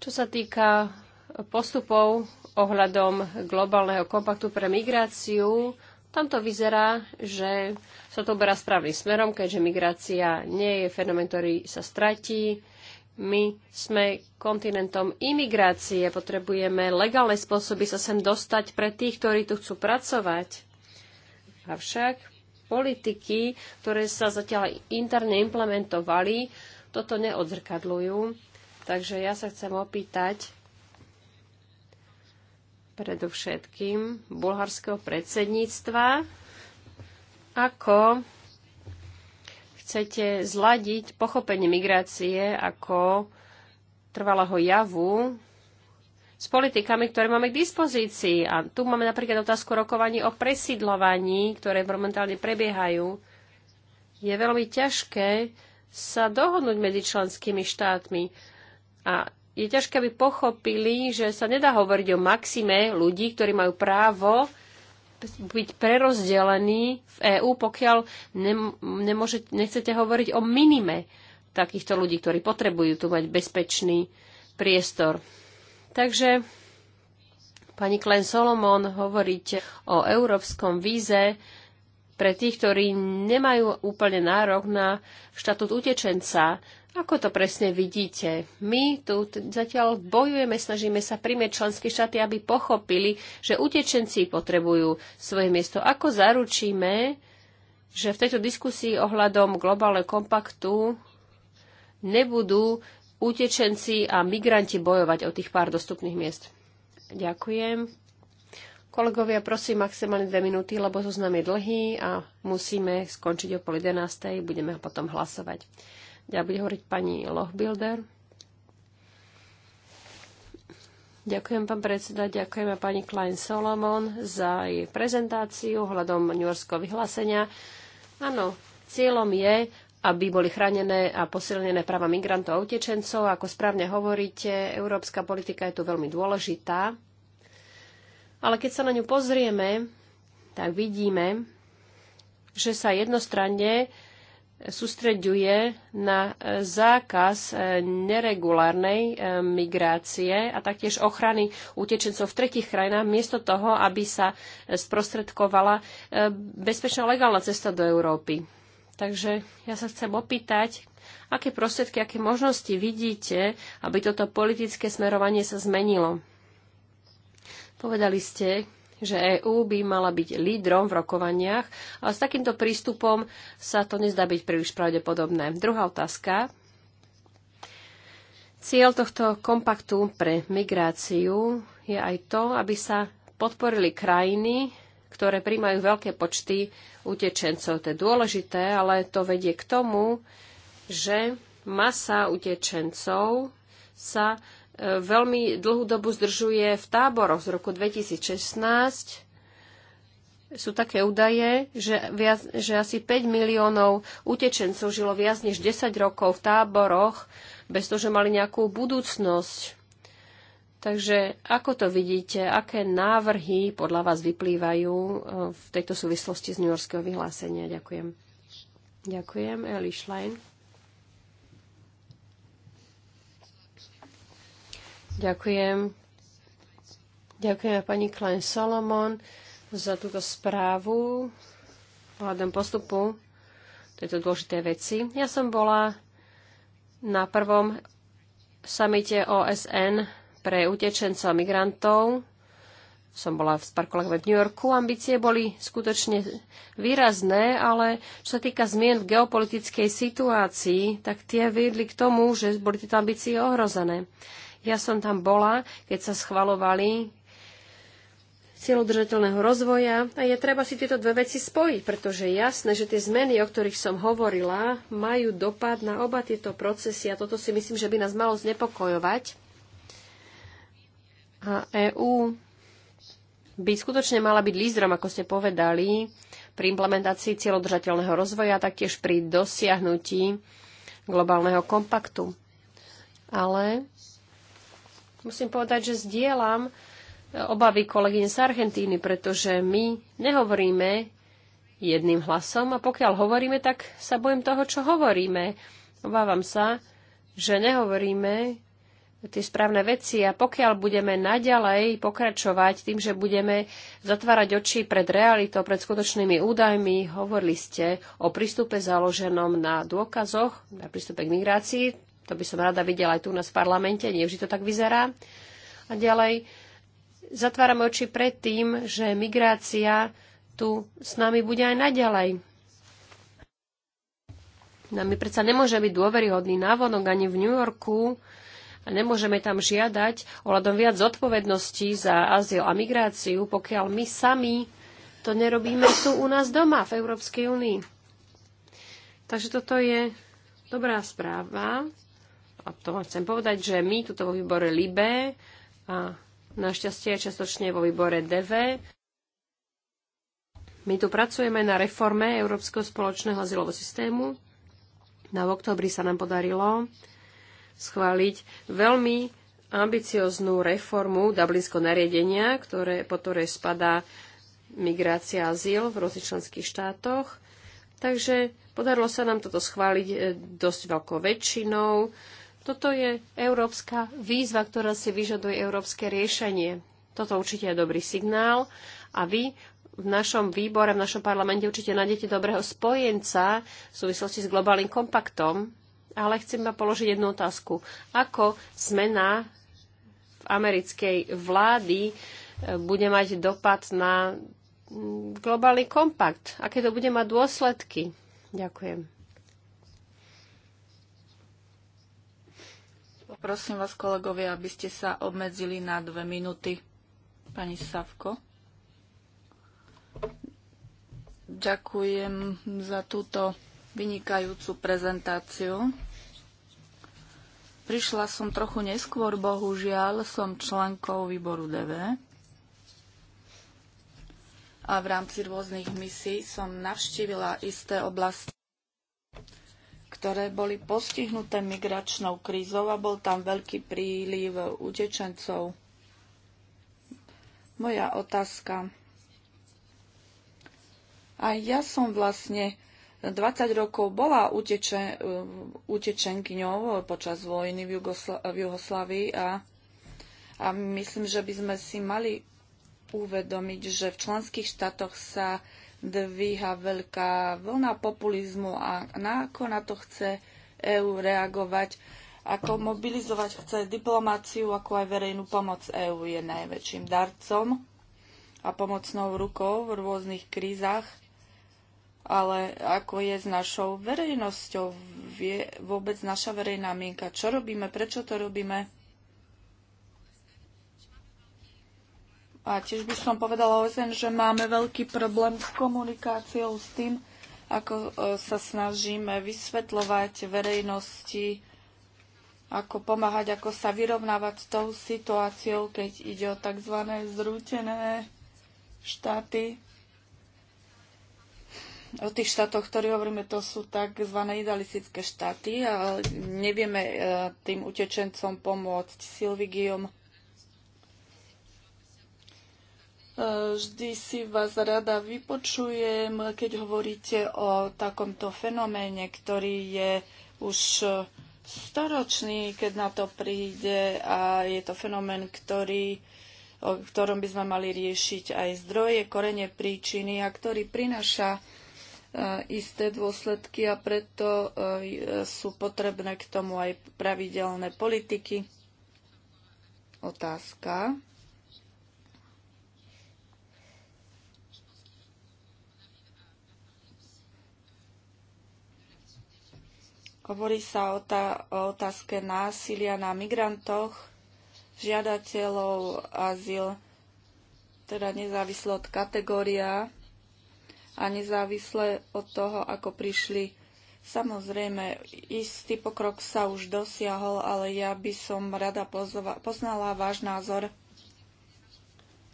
Čo sa týka postupov ohľadom globálneho kompaktu pre migráciu, tam to vyzerá, že sa to berá správnym smerom, keďže migrácia nie je fenomén, ktorý sa stratí. My sme kontinentom imigrácie, potrebujeme legálne spôsoby sa sem dostať pre tých, ktorí tu chcú pracovať. Avšak politiky, ktoré sa zatiaľ interne implementovali, toto neodzrkadľujú. Takže ja sa chcem opýtať predovšetkým bulharského predsedníctva, ako chcete zladiť pochopenie migrácie ako trvalého javu s politikami, ktoré máme k dispozícii. A tu máme napríklad otázku rokovaní o presídlovaní, ktoré momentálne prebiehajú. Je veľmi ťažké sa dohodnúť medzi členskými štátmi. A je ťažké, aby pochopili, že sa nedá hovoriť o maxime ľudí, ktorí majú právo byť prerozdelený v EÚ, pokiaľ nemôže, nechcete hovoriť o minime takýchto ľudí, ktorí potrebujú tu mať bezpečný priestor. Takže pani Klen Solomon hovoriť o európskom víze pre tých, ktorí nemajú úplne nárok na štatút utečenca. Ako to presne vidíte? My tu zatiaľ bojujeme, snažíme sa primieť členské štáty, aby pochopili, že utečenci potrebujú svoje miesto. Ako zaručíme, že v tejto diskusii ohľadom globálneho kompaktu nebudú utečenci a migranti bojovať o tých pár dostupných miest? Ďakujem. Kolegovia, prosím maximálne dve minúty, lebo zoznam je dlhý a musíme skončiť o pol 11. Budeme ho potom hlasovať. Ja bude hovoriť pani Lochbilder. Ďakujem, pán predseda, ďakujem a pani Klein Solomon za jej prezentáciu hľadom New Yorkského vyhlásenia. Áno, cieľom je, aby boli chránené a posilnené práva migrantov a utečencov. Ako správne hovoríte, európska politika je tu veľmi dôležitá. Ale keď sa na ňu pozrieme, tak vidíme, že sa jednostranne sústreďuje na zákaz e, neregulárnej e, migrácie a taktiež ochrany utečencov v tretich krajinách, miesto toho, aby sa sprostredkovala e, bezpečná legálna cesta do Európy. Takže ja sa chcem opýtať, aké prostriedky, aké možnosti vidíte, aby toto politické smerovanie sa zmenilo. Povedali ste, že EÚ by mala byť lídrom v rokovaniach, ale s takýmto prístupom sa to nezdá byť príliš pravdepodobné. Druhá otázka. Cieľ tohto kompaktu pre migráciu je aj to, aby sa podporili krajiny, ktoré príjmajú veľké počty utečencov. To je dôležité, ale to vedie k tomu, že masa utečencov sa veľmi dlhú dobu zdržuje v táboroch. Z roku 2016 sú také údaje, že, viac, že asi 5 miliónov utečencov žilo viac než 10 rokov v táboroch, bez toho, že mali nejakú budúcnosť. Takže ako to vidíte, aké návrhy podľa vás vyplývajú e, v tejto súvislosti z New Yorkského vyhlásenia? Ďakujem. Ďakujem, Eli Schlein. Ďakujem. Ďakujem pani Klein Solomon za túto správu ohľadom postupu tejto dôležité veci. Ja som bola na prvom samite OSN pre utečencov a migrantov. Som bola v Sparkolách v New Yorku. Ambície boli skutočne výrazné, ale čo sa týka zmien v geopolitickej situácii, tak tie viedli k tomu, že boli tieto ambície ohrozené. Ja som tam bola, keď sa schvalovali cieľodržateľného rozvoja a je treba si tieto dve veci spojiť, pretože je jasné, že tie zmeny, o ktorých som hovorila, majú dopad na oba tieto procesy a toto si myslím, že by nás malo znepokojovať. A EÚ by skutočne mala byť lídrom, ako ste povedali, pri implementácii cieľodržateľného rozvoja a taktiež pri dosiahnutí globálneho kompaktu. Ale Musím povedať, že zdieľam e, obavy kolegyne z Argentíny, pretože my nehovoríme jedným hlasom a pokiaľ hovoríme, tak sa bojím toho, čo hovoríme. Obávam sa, že nehovoríme tie správne veci a pokiaľ budeme naďalej pokračovať tým, že budeme zatvárať oči pred realitou, pred skutočnými údajmi, hovorili ste o prístupe založenom na dôkazoch, na prístupe k migrácii, to by som rada videla aj tu nás v parlamente, nie vždy to tak vyzerá. A ďalej, zatvárame oči pred tým, že migrácia tu s nami bude aj naďalej. No, my predsa nemôžeme byť dôveryhodný návonok ani v New Yorku a nemôžeme tam žiadať ohľadom viac zodpovedností za azyl a migráciu, pokiaľ my sami to nerobíme tu u nás doma v Európskej únii. Takže toto je dobrá správa. A to vám chcem povedať, že my tuto vo výbore LIBE a našťastie častočne vo výbore DV my tu pracujeme na reforme Európskeho spoločného azylového systému. Na v oktobri sa nám podarilo schváliť veľmi ambicioznú reformu Dublinského nariadenia, ktoré, po ktorej spadá migrácia a azyl v rôznych členských štátoch. Takže podarilo sa nám toto schváliť e, dosť veľkou väčšinou. Toto je európska výzva, ktorá si vyžaduje európske riešenie. Toto určite je dobrý signál a vy v našom výbore, v našom parlamente určite nájdete dobrého spojenca v súvislosti s globálnym kompaktom, ale chcem ma položiť jednu otázku. Ako zmena v americkej vlády e, bude mať dopad na globálny kompakt? Aké to bude mať dôsledky? Ďakujem. Prosím vás, kolegovia, aby ste sa obmedzili na dve minúty. Pani Savko. Ďakujem za túto vynikajúcu prezentáciu. Prišla som trochu neskôr, bohužiaľ, som členkou výboru DV a v rámci rôznych misií som navštívila isté oblasti ktoré boli postihnuté migračnou krízou a bol tam veľký príliv utečencov. Moja otázka. A ja som vlastne 20 rokov bola utečen, uh, utečenkyňou počas vojny v, Jugosla- v Jugoslavii a, a myslím, že by sme si mali uvedomiť, že v členských štátoch sa dvíha veľká vlna populizmu a na ako na to chce EÚ reagovať, ako mobilizovať chce diplomáciu, ako aj verejnú pomoc EÚ je najväčším darcom a pomocnou rukou v rôznych krízach, ale ako je s našou verejnosťou, vie vôbec naša verejná mienka, čo robíme, prečo to robíme, A tiež by som povedala OSN, že máme veľký problém s komunikáciou, s tým, ako e, sa snažíme vysvetľovať verejnosti, ako pomáhať, ako sa vyrovnávať s tou situáciou, keď ide o tzv. zrútené štáty. O tých štátoch, ktoré hovoríme, to sú tzv. idealistické štáty, ale nevieme e, tým utečencom pomôcť. Silvigium. Guillaume Vždy si vás rada vypočujem, keď hovoríte o takomto fenoméne, ktorý je už storočný, keď na to príde a je to fenomén, ktorý, o ktorom by sme mali riešiť aj zdroje, korene, príčiny a ktorý prináša e, isté dôsledky a preto e, sú potrebné k tomu aj pravidelné politiky. Otázka Hovorí sa o, tá, o otázke násilia na migrantoch, žiadateľov azyl, teda nezávisle od kategória a nezávisle od toho, ako prišli. Samozrejme, istý pokrok sa už dosiahol, ale ja by som rada poznala váš názor.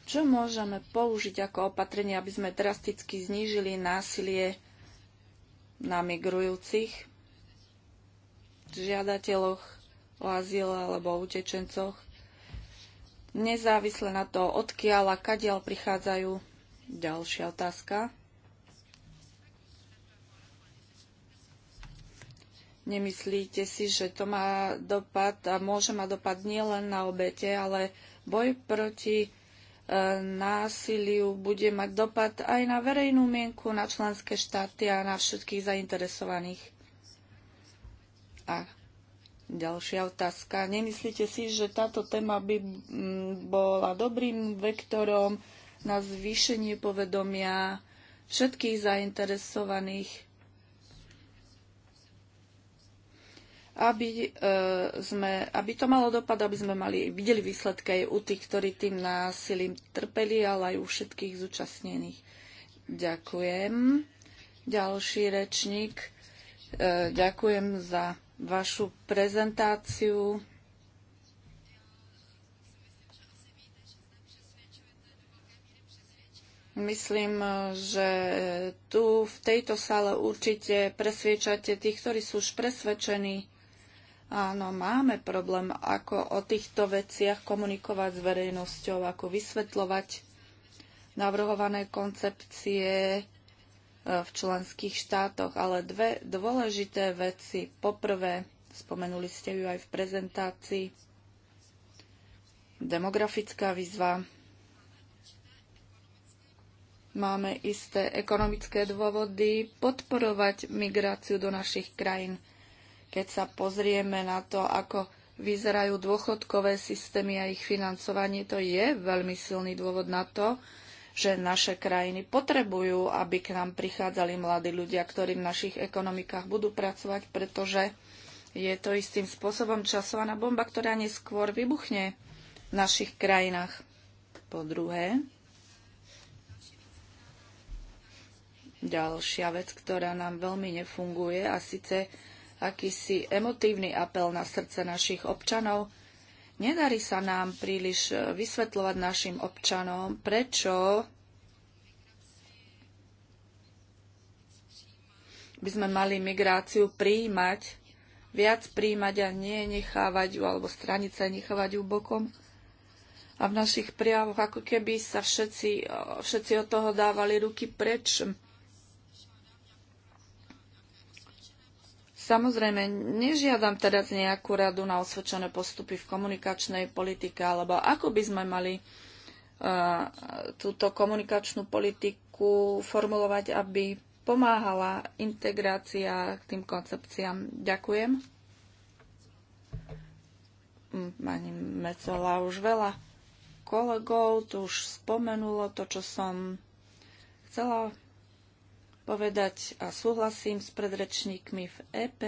Čo môžeme použiť ako opatrenie, aby sme drasticky znížili násilie na migrujúcich? žiadateľoch o azyl alebo o utečencoch, nezávisle na to, odkiaľ a kadiaľ prichádzajú. Ďalšia otázka. Nemyslíte si, že to má dopad a môže mať dopad nielen na obete, ale boj proti e, násiliu bude mať dopad aj na verejnú mienku, na členské štáty a na všetkých zainteresovaných. A ďalšia otázka. Nemyslíte si, že táto téma by mm, bola dobrým vektorom na zvýšenie povedomia všetkých zainteresovaných, aby, e, sme, aby to malo dopad, aby sme mali, videli výsledky aj u tých, ktorí tým násilím trpeli, ale aj u všetkých zúčastnených. Ďakujem. Ďalší rečník. E, ďakujem za vašu prezentáciu. Myslím, že tu v tejto sále určite presviečate tých, ktorí sú už presvedčení. Áno, máme problém, ako o týchto veciach komunikovať s verejnosťou, ako vysvetľovať navrhované koncepcie, v členských štátoch, ale dve dôležité veci. Poprvé, spomenuli ste ju aj v prezentácii, demografická výzva. Máme isté ekonomické dôvody podporovať migráciu do našich krajín. Keď sa pozrieme na to, ako vyzerajú dôchodkové systémy a ich financovanie, to je veľmi silný dôvod na to, že naše krajiny potrebujú, aby k nám prichádzali mladí ľudia, ktorí v našich ekonomikách budú pracovať, pretože je to istým spôsobom časovaná bomba, ktorá neskôr vybuchne v našich krajinách. Po druhé, ďalšia vec, ktorá nám veľmi nefunguje a síce akýsi emotívny apel na srdce našich občanov, Nedarí sa nám príliš e, vysvetľovať našim občanom, prečo by sme mali migráciu príjmať, viac príjmať a nie nechávať ju, alebo stranice nechávať ju bokom. A v našich prijavoch ako keby sa všetci, e, všetci od toho dávali ruky preč. Samozrejme, nežiadam teraz nejakú radu na osvedčené postupy v komunikačnej politike, alebo ako by sme mali uh, túto komunikačnú politiku formulovať, aby pomáhala integrácia k tým koncepciám. Ďakujem. Mm, pani Mecola už veľa kolegov tu už spomenulo to, čo som chcela povedať a súhlasím s predrečníkmi v EP.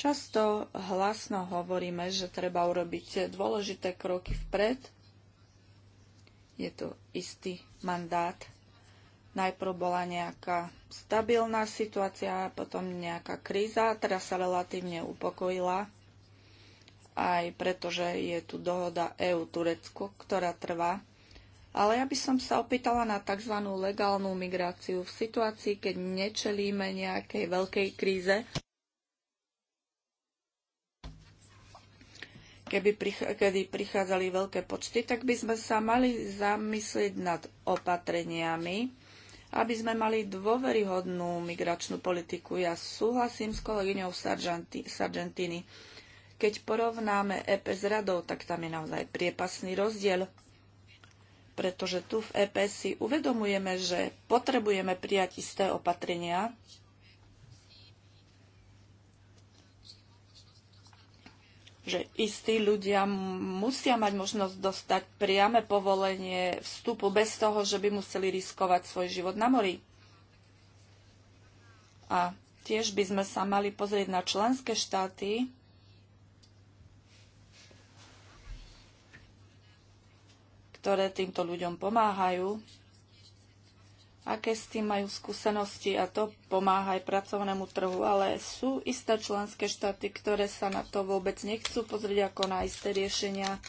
Často hlasno hovoríme, že treba urobiť dôležité kroky vpred. Je to istý mandát. Najprv bola nejaká stabilná situácia, potom nejaká kríza, teraz sa relatívne upokojila aj pretože je tu dohoda EU-Turecko, ktorá trvá ale ja by som sa opýtala na tzv. legálnu migráciu v situácii, keď nečelíme nejakej veľkej kríze. Keby prich- kedy prichádzali veľké počty, tak by sme sa mali zamyslieť nad opatreniami, aby sme mali dôveryhodnú migračnú politiku. Ja súhlasím s kolegyňou Sargentini. Keď porovnáme EP s radou, tak tam je naozaj priepasný rozdiel pretože tu v EP si uvedomujeme, že potrebujeme prijať isté opatrenia, že istí ľudia musia mať možnosť dostať priame povolenie vstupu bez toho, že by museli riskovať svoj život na mori. A tiež by sme sa mali pozrieť na členské štáty, ktoré týmto ľuďom pomáhajú, aké s tým majú skúsenosti a to pomáha aj pracovnému trhu, ale sú isté členské štáty, ktoré sa na to vôbec nechcú pozrieť ako na isté riešenia.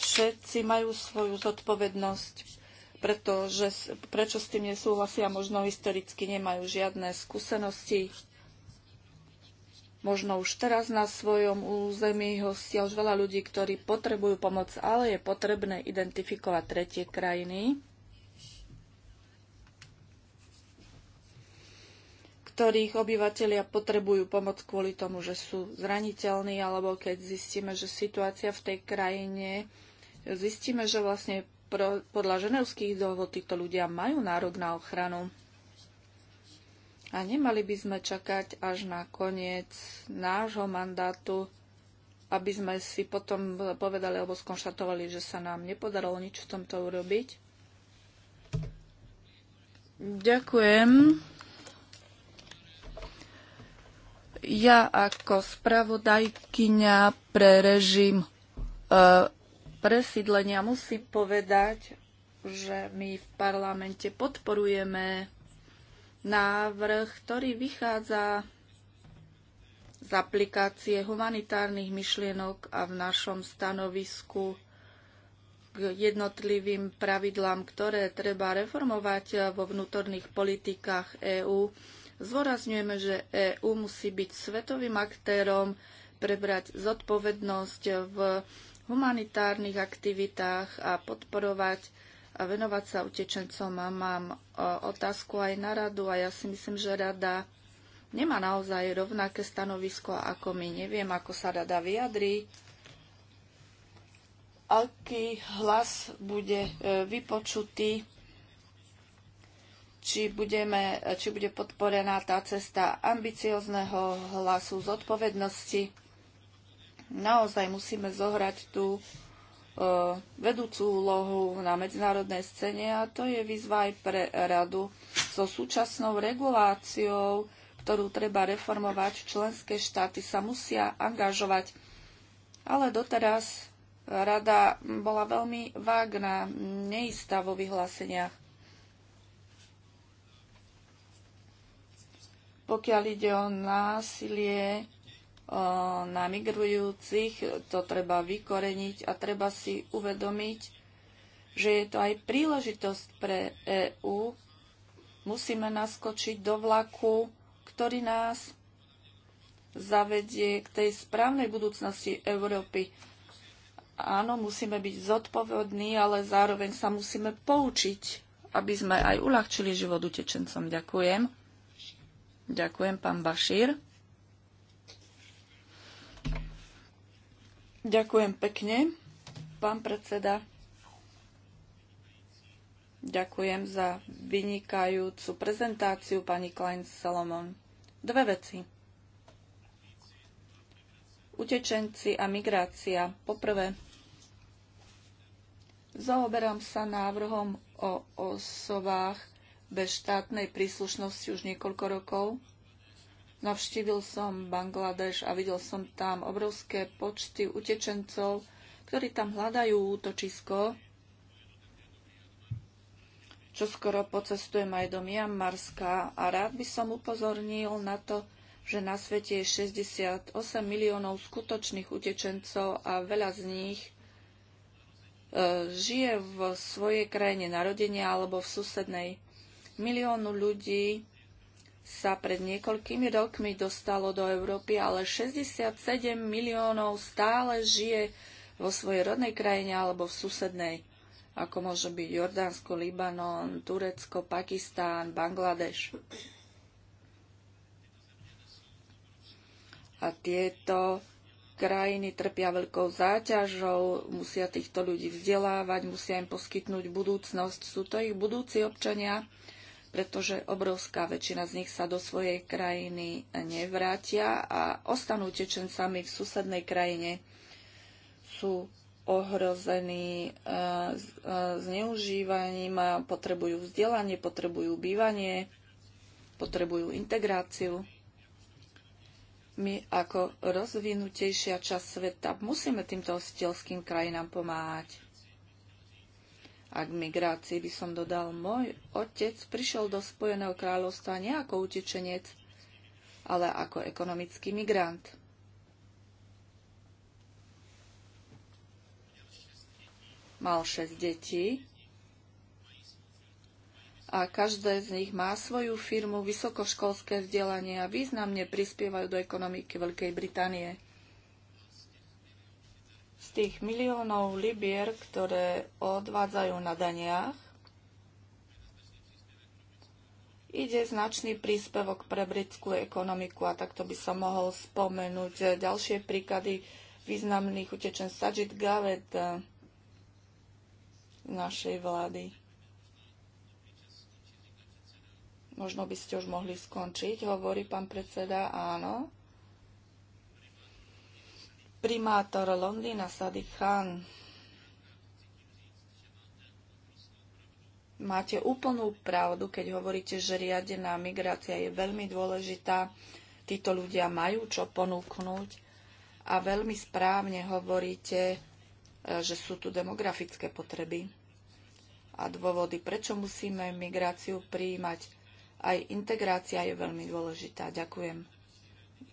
Všetci majú svoju zodpovednosť, pretože prečo s tým nesúhlasia, možno historicky nemajú žiadne skúsenosti možno už teraz na svojom území hostia už veľa ľudí, ktorí potrebujú pomoc, ale je potrebné identifikovať tretie krajiny, ktorých obyvateľia potrebujú pomoc kvôli tomu, že sú zraniteľní, alebo keď zistíme, že situácia v tej krajine, zistíme, že vlastne podľa ženevských dohod títo ľudia majú nárok na ochranu. A nemali by sme čakať až na koniec nášho mandátu, aby sme si potom povedali alebo skonštatovali, že sa nám nepodarilo nič v tomto urobiť. Ďakujem. Ja ako spravodajkyňa pre režim e, presídlenia musím povedať, že my v parlamente podporujeme návrh, ktorý vychádza z aplikácie humanitárnych myšlienok a v našom stanovisku k jednotlivým pravidlám, ktoré treba reformovať vo vnútorných politikách EÚ. Zvorazňujeme, že EÚ musí byť svetovým aktérom, prebrať zodpovednosť v humanitárnych aktivitách a podporovať venovať sa utečencom. A mám e, otázku aj na radu a ja si myslím, že rada nemá naozaj rovnaké stanovisko ako my. Neviem, ako sa rada vyjadrí, aký hlas bude e, vypočutý, či, budeme, e, či bude podporená tá cesta ambiciozného hlasu zodpovednosti. Naozaj musíme zohrať tú E, vedúcu úlohu na medzinárodnej scéne a to je výzva aj pre radu so súčasnou reguláciou, ktorú treba reformovať. Členské štáty sa musia angažovať, ale doteraz rada bola veľmi vágna, neistá vo vyhláseniach. Pokiaľ ide o násilie, na migrujúcich, to treba vykoreniť a treba si uvedomiť, že je to aj príležitosť pre EÚ. Musíme naskočiť do vlaku, ktorý nás zavedie k tej správnej budúcnosti Európy. Áno, musíme byť zodpovední, ale zároveň sa musíme poučiť, aby sme aj uľahčili život utečencom. Ďakujem. Ďakujem, pán Bašír. Ďakujem pekne, pán predseda. Ďakujem za vynikajúcu prezentáciu pani Klein Salomon. Dve veci. Utečenci a migrácia. Poprvé, zaoberám sa návrhom o osobách bez štátnej príslušnosti už niekoľko rokov Navštívil som Bangladeš a videl som tam obrovské počty utečencov, ktorí tam hľadajú útočisko. Čo skoro pocestujem aj do Mianmarska a rád by som upozornil na to, že na svete je 68 miliónov skutočných utečencov a veľa z nich e, žije v svojej krajine narodenia alebo v susednej. Miliónu ľudí sa pred niekoľkými rokmi dostalo do Európy, ale 67 miliónov stále žije vo svojej rodnej krajine alebo v susednej, ako môže byť Jordánsko, Libanon, Turecko, Pakistán, Bangladeš. A tieto krajiny trpia veľkou záťažou, musia týchto ľudí vzdelávať, musia im poskytnúť budúcnosť. Sú to ich budúci občania, pretože obrovská väčšina z nich sa do svojej krajiny nevrátia a ostanú tečencami v susednej krajine. Sú ohrození e, e, zneužívaním a potrebujú vzdelanie, potrebujú bývanie, potrebujú integráciu. My ako rozvinutejšia časť sveta musíme týmto ositeľským krajinám pomáhať. A k migrácii by som dodal, môj otec prišiel do Spojeného kráľovstva nie ako utečenec, ale ako ekonomický migrant. Mal šesť detí a každé z nich má svoju firmu, vysokoškolské vzdelanie a významne prispievajú do ekonomiky Veľkej Británie tých miliónov libier, ktoré odvádzajú na daniach, ide značný príspevok pre britskú ekonomiku a takto by som mohol spomenúť ďalšie príklady významných utečen Sajid Gavet, eh, našej vlády. Možno by ste už mohli skončiť, hovorí pán predseda, áno primátor Londýna Sadiq Khan. Máte úplnú pravdu, keď hovoríte, že riadená migrácia je veľmi dôležitá. Títo ľudia majú čo ponúknuť a veľmi správne hovoríte, e, že sú tu demografické potreby a dôvody, prečo musíme migráciu prijímať. Aj integrácia je veľmi dôležitá. Ďakujem.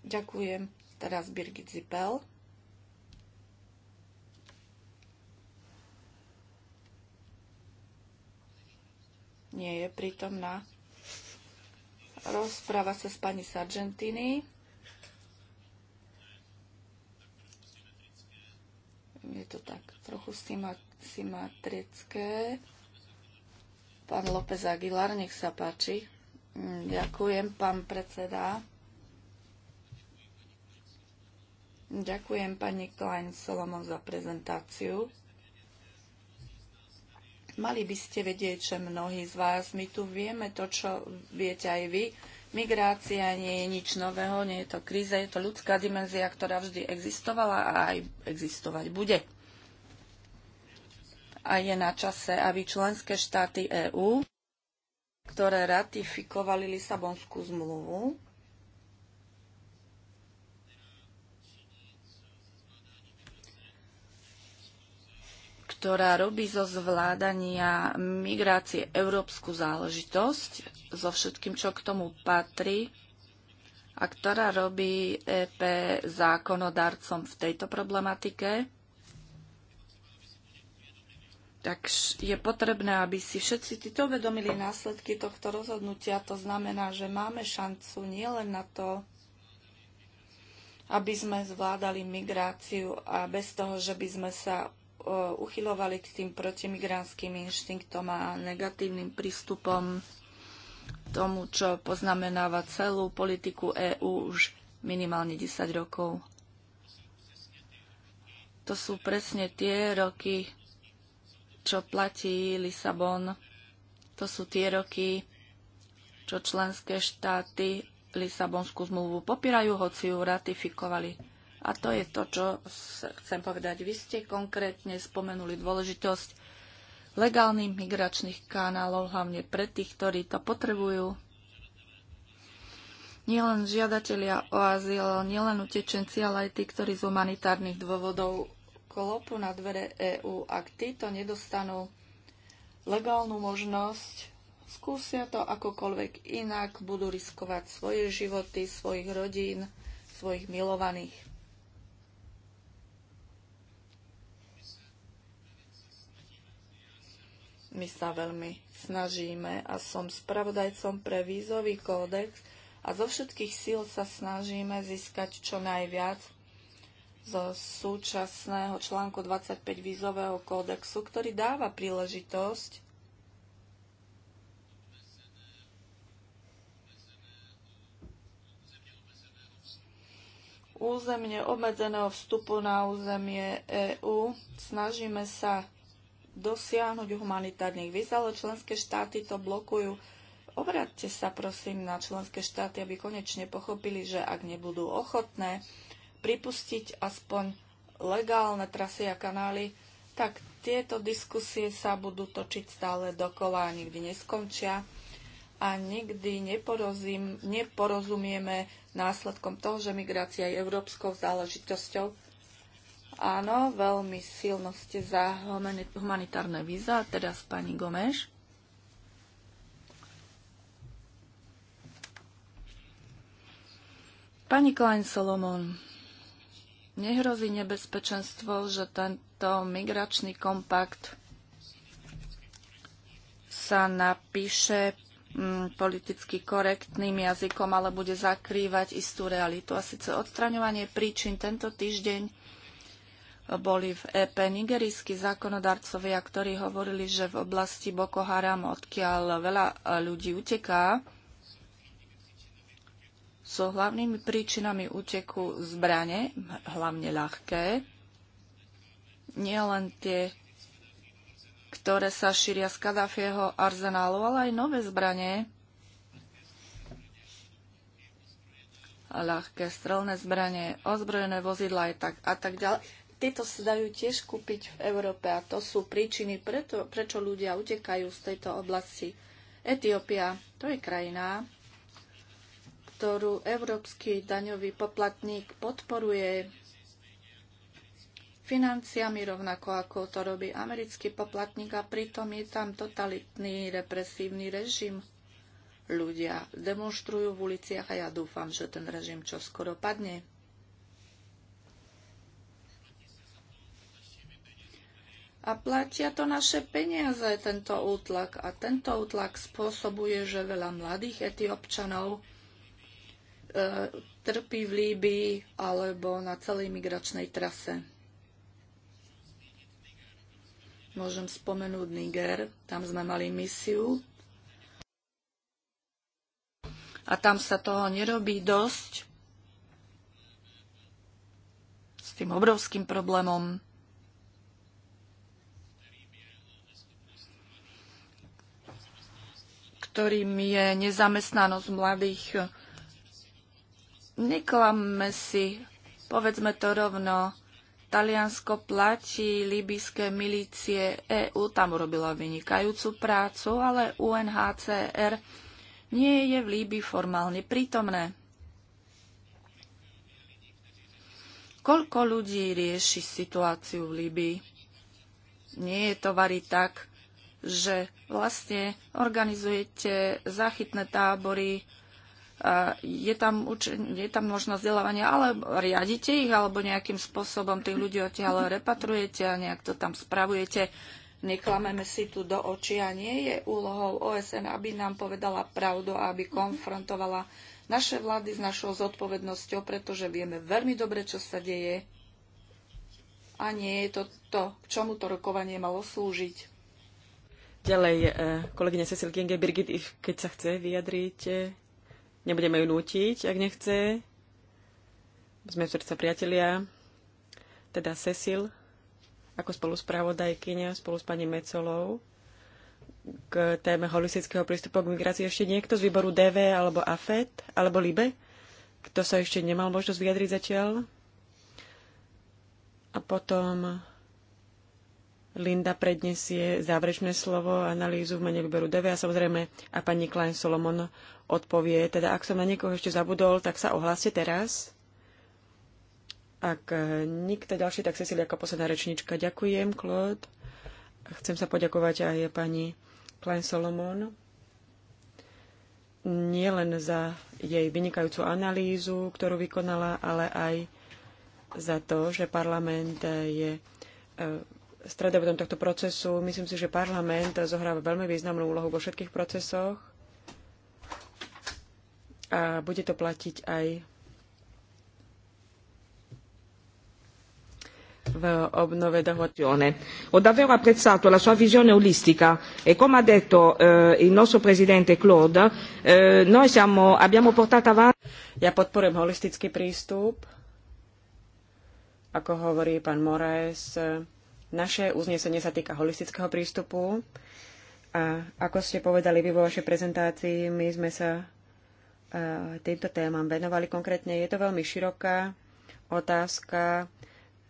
Ďakujem. Teraz Birgit Zipel. nie je prítomná. Rozpráva sa s pani Sargentini. Je to tak trochu symatrické. Pán López Aguilar, nech sa páči. Mm, ďakujem, pán predseda. Ďakujem pani Klein Solomon za prezentáciu. Mali by ste vedieť, že mnohí z vás, my tu vieme to, čo viete aj vy. Migrácia nie je nič nového, nie je to kríza, je to ľudská dimenzia, ktorá vždy existovala a aj existovať bude. A je na čase, aby členské štáty EÚ, ktoré ratifikovali Lisabonskú zmluvu, ktorá robí zo zvládania migrácie európsku záležitosť so všetkým, čo k tomu patrí a ktorá robí EP zákonodarcom v tejto problematike, tak je potrebné, aby si všetci títo uvedomili následky tohto rozhodnutia. To znamená, že máme šancu nielen na to, aby sme zvládali migráciu a bez toho, že by sme sa Eh, uchylovali k tým protimigránskym inštinktom a negatívnym prístupom tomu, čo poznamenáva celú politiku EÚ už minimálne 10 rokov. To sú presne tie roky, čo platí Lisabon. To sú tie roky, čo členské štáty Lisabonskú zmluvu popírajú, hoci ju ratifikovali. A to je to, čo chcem povedať. Vy ste konkrétne spomenuli dôležitosť legálnych migračných kanálov, hlavne pre tých, ktorí to potrebujú. Nielen žiadatelia o azyl, nielen utečenci, ale aj tí, ktorí z humanitárnych dôvodov klopu na dvere EÚ. Ak títo nedostanú legálnu možnosť, skúsia to akokoľvek inak, budú riskovať svoje životy, svojich rodín, svojich milovaných. My sa veľmi snažíme a som spravodajcom pre vízový kódex a zo všetkých síl sa snažíme získať čo najviac zo súčasného článku 25 vízového kódexu, ktorý dáva príležitosť územne obmedzeného vstupu na územie EÚ. Snažíme sa dosiahnuť humanitárnych víz, ale členské štáty to blokujú. Obráťte sa prosím na členské štáty, aby konečne pochopili, že ak nebudú ochotné pripustiť aspoň legálne trasy a kanály, tak tieto diskusie sa budú točiť stále dokola a nikdy neskončia a nikdy neporozumieme následkom toho, že migrácia je európskou záležitosťou Áno, veľmi silno ste za humanitárne víza, teda s pani Gomeš. Pani Klein Solomon, nehrozí nebezpečenstvo, že tento migračný kompakt sa napíše mm, politicky korektným jazykom, ale bude zakrývať istú realitu. A síce odstraňovanie príčin tento týždeň boli v EP nigerijskí zákonodarcovia, ktorí hovorili, že v oblasti Boko Haram, odkiaľ veľa e, ľudí uteká, sú hlavnými príčinami uteku zbrane, hlavne ľahké, nie len tie, ktoré sa šíria z Kadáfieho arzenálu, ale aj nové zbranie, ľahké strelné zbranie, ozbrojené vozidla a tak, a tak ďalej tieto sa dajú tiež kúpiť v Európe a to sú príčiny, preto, prečo ľudia utekajú z tejto oblasti. Etiópia to je krajina, ktorú európsky daňový poplatník podporuje financiami rovnako ako to robí americký poplatník a pritom je tam totalitný represívny režim. Ľudia demonstrujú v uliciach a ja dúfam, že ten režim čoskoro padne. a platia to naše peniaze, tento útlak. A tento útlak spôsobuje, že veľa mladých etiopčanov e, trpí v Líbii alebo na celej migračnej trase. Môžem spomenúť Niger, tam sme mali misiu. A tam sa toho nerobí dosť s tým obrovským problémom ktorým je nezamestnanosť mladých. Neklamme si, povedzme to rovno, Taliansko platí libyské milície EU tam urobila vynikajúcu prácu, ale UNHCR nie je v Líbii formálne prítomné. Koľko ľudí rieši situáciu v Líbii? Nie je to varí tak, že vlastne organizujete záchytné tábory, je tam, je tam možnosť vzdelávania, ale riadite ich alebo nejakým spôsobom tých ľudí odtiaľ repatrujete a nejak to tam spravujete. Neklameme si tu do očí a nie je úlohou OSN, aby nám povedala pravdu a aby konfrontovala naše vlády s našou zodpovednosťou, pretože vieme veľmi dobre, čo sa deje a nie je to to, k čomu to rokovanie malo slúžiť. Ďalej, eh, kolegyňa Cecil Kienge, Birgit, keď sa chce vyjadriť, eh, nebudeme ju nútiť, ak nechce. Sme srdca priatelia. Teda Cecil, ako spoluspravodajkynia, spolu s pani Mecolou k téme holistického prístupu k migrácii. Ešte niekto z výboru DV alebo AFET alebo LIBE? Kto sa ešte nemal možnosť vyjadriť zatiaľ? A potom Linda predniesie záverečné slovo, analýzu v mene výberu DV a samozrejme a pani Klein Solomon odpovie. Teda ak som na niekoho ešte zabudol, tak sa ohláste teraz. Ak eh, nikto ďalší, tak Cecilia ako posledná rečnička. Ďakujem, Claude. Chcem sa poďakovať aj pani Klein Solomon nie len za jej vynikajúcu analýzu, ktorú vykonala, ale aj za to, že parlament je eh, stredobodom tohto procesu. Myslím si, že parlament zohráva veľmi významnú úlohu vo všetkých procesoch a bude to platiť aj v obnove dohod. Ho davvero apprezzato la sua visione olistica e come ha detto eh, il nostro presidente Claude, eh, noi siamo, abbiamo portato avanti... Ja podporujem holistický prístup, ako hovorí pán Moraes. Eh, naše uznesenie sa týka holistického prístupu a ako ste povedali vy vo vašej prezentácii, my sme sa e, týmto témam venovali konkrétne. Je to veľmi široká otázka.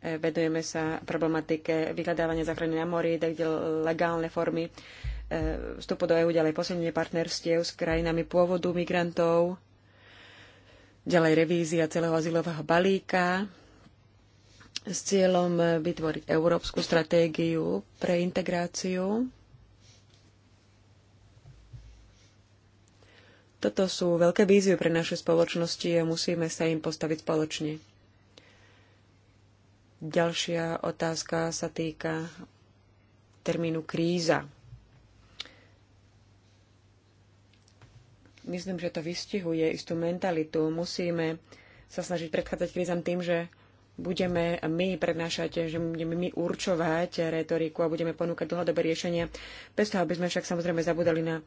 E, vedujeme sa problematike vyhľadávania záchrany na mori, tak legálne formy e, vstupu do EÚ, ďalej posilnenie partnerstiev s krajinami pôvodu migrantov, ďalej revízia celého azylového balíka, s cieľom eh, vytvoriť európsku stratégiu pre integráciu. Toto sú veľké výzvy pre naše spoločnosti a musíme sa im postaviť spoločne. Ďalšia otázka sa týka termínu kríza. Myslím, že to vystihuje istú mentalitu. Musíme sa snažiť predchádzať krízam tým, že budeme my prednášať, že budeme my určovať retoriku a budeme ponúkať dlhodobé riešenia, bez toho, aby sme však samozrejme zabudali na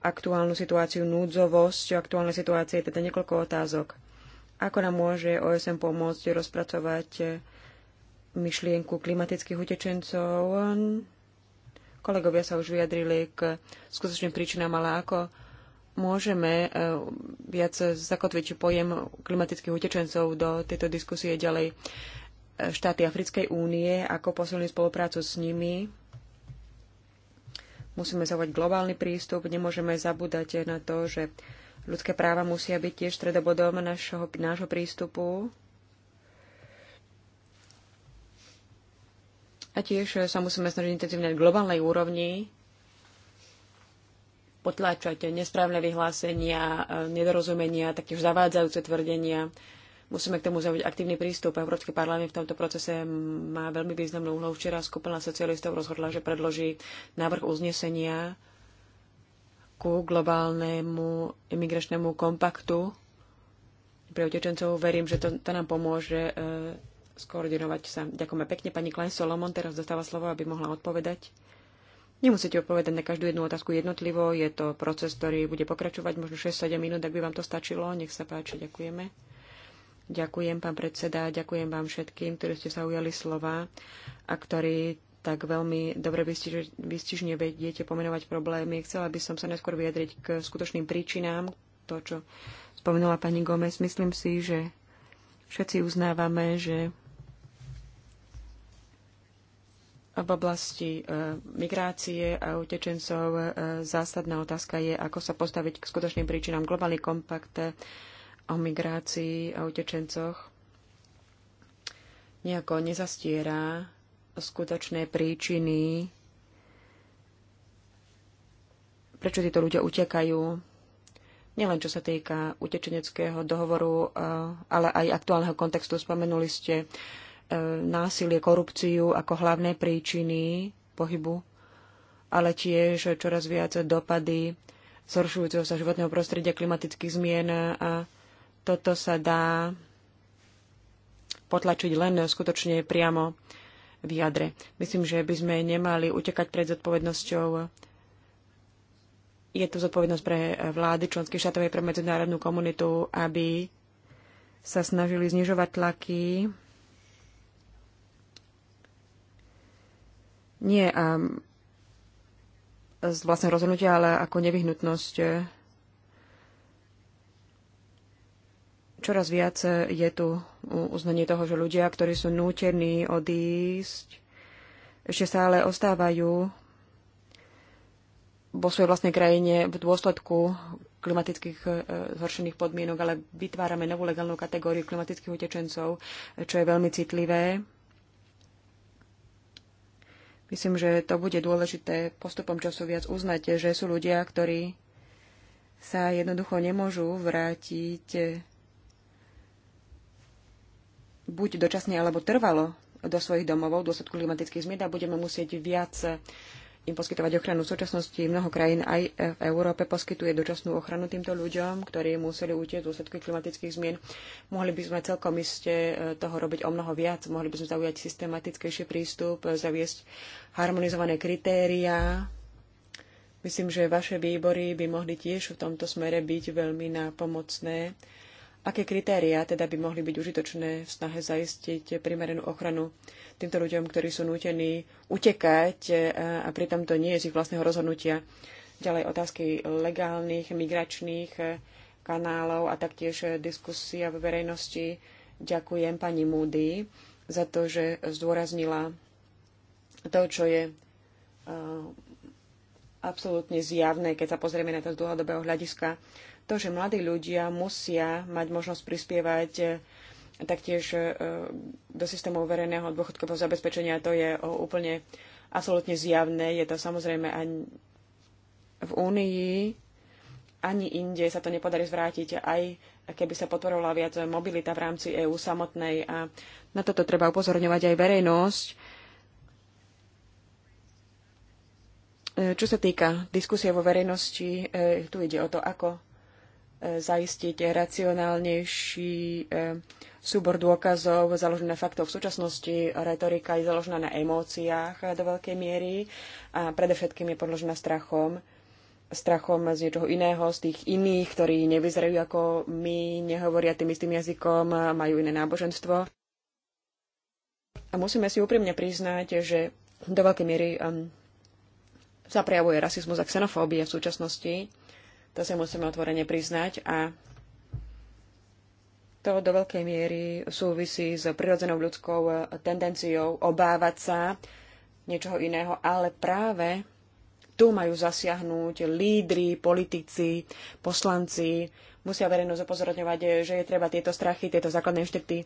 aktuálnu situáciu, núdzovosť aktuálnej situácie, teda niekoľko otázok. Ako nám môže OSM pomôcť rozpracovať myšlienku klimatických utečencov? Kolegovia sa už vyjadrili k skutočným príčinám, ale ako môžeme e, viac zakotviť pojem klimatických utečencov do tejto diskusie ďalej. E, štáty Africkej únie, ako posilniť spoluprácu s nimi. Musíme zaujať globálny prístup, nemôžeme zabúdať na to, že ľudské práva musia byť tiež stredobodom našho, nášho prístupu. A tiež sa musíme snažiť intenzívne na globálnej úrovni potláčať nesprávne vyhlásenia, eh, nedorozumenia, taktiež zavádzajúce tvrdenia. Musíme k tomu zaujať aktívny prístup. Európsky parlament v tomto procese má veľmi významnú úlohu. Včera skupina socialistov rozhodla, že predloží návrh uznesenia ku globálnemu imigračnému kompaktu pre utečencov. Verím, že to, to nám pomôže e, skoordinovať sa. Ďakujeme pekne. Pani Klein Solomon teraz dostáva slovo, aby mohla odpovedať. Nemusíte odpovedať na každú jednu otázku jednotlivo, je to proces, ktorý bude pokračovať možno 6-7 minút, ak by vám to stačilo. Nech sa páči, ďakujeme. Ďakujem, pán predseda, ďakujem vám všetkým, ktorí ste sa ujali slova a ktorí tak veľmi dobre vystižne vediete pomenovať problémy. Chcela by som sa neskôr vyjadriť k skutočným príčinám, to, čo spomenula pani Gomez. Myslím si, že všetci uznávame, že v oblasti e, migrácie a utečencov e, zásadná otázka je, ako sa postaviť k skutočným príčinám. Globálny kompakt e, o migrácii a utečencoch nejako nezastiera skutočné príčiny, prečo títo ľudia utekajú, nielen čo sa týka utečeneckého dohovoru, ale aj aktuálneho kontextu. Spomenuli ste uh, E, násilie, korupciu ako hlavné príčiny pohybu, ale tiež čoraz viac dopady zhoršujúceho sa životného prostredia, klimatických zmien a toto sa dá potlačiť len skutočne priamo v jadre. Myslím, že by sme nemali utekať pred zodpovednosťou. Je to zodpovednosť pre vlády členských štátov aj pre medzinárodnú komunitu, aby sa snažili znižovať tlaky nie a z vlastného rozhodnutia, ale ako nevyhnutnosť. Čoraz viac je tu uznanie toho, že ľudia, ktorí sú nútení odísť, ešte stále ostávajú vo svojej vlastnej krajine v dôsledku klimatických e, zhoršených podmienok, ale vytvárame novú legálnu kategóriu klimatických utečencov, čo je veľmi citlivé Myslím, že to bude dôležité postupom času viac uznať, že sú ľudia, ktorí sa jednoducho nemôžu vrátiť eh, buď dočasne alebo trvalo do svojich domovov v dôsledku klimatických zmien a budeme musieť viac im poskytovať ochranu. V súčasnosti mnoho krajín aj v Európe poskytuje dočasnú ochranu týmto ľuďom, ktorí museli utieť v dôsledku klimatických zmien. Mohli by sme celkom iste e, toho robiť o mnoho viac, mohli by sme zaujať systematickejší prístup, e, zaviesť harmonizované kritériá. Myslím, že vaše výbory by mohli tiež v tomto smere byť veľmi nápomocné. pomocné aké kritériá teda by mohli byť užitočné v snahe zaistiť primerenú ochranu týmto ľuďom, ktorí sú nútení utekať e, a pritom to nie je z ich vlastného rozhodnutia. Ďalej otázky legálnych, migračných e, kanálov a taktiež e, diskusia v verejnosti. Ďakujem pani Moody za to, že zdôraznila to, čo je absolútne zjavné, keď sa pozrieme na to z dlhodobého hľadiska. To, že mladí ľudia musia mať možnosť prispievať e, taktiež e, do systému verejného dôchodkového zabezpečenia, to je e, úplne absolútne zjavné. Je to samozrejme ani v Únii, ani inde sa to nepodarí zvrátiť, aj keby sa podporovala viac mobilita v rámci EÚ samotnej. A na toto treba upozorňovať aj verejnosť. Čo sa týka diskusie vo verejnosti, tu ide o to, ako E, zaistiť racionálnejší e, súbor dôkazov založený na faktoch. V súčasnosti retorika je založená na emóciách do veľkej miery a predovšetkým je podložená strachom strachom z niečoho iného, z tých iných, ktorí nevyzerajú ako my, nehovoria tým istým jazykom, majú iné náboženstvo. A musíme si úprimne priznať, že do veľkej miery um, sa prejavuje rasizmus a xenofóbia v súčasnosti to si musíme otvorene priznať a to do veľkej miery súvisí s prirodzenou ľudskou tendenciou obávať sa niečoho iného, ale práve tu majú zasiahnuť lídry, politici, poslanci, musia verejnosť upozorňovať, že je treba tieto strachy, tieto základné inštikty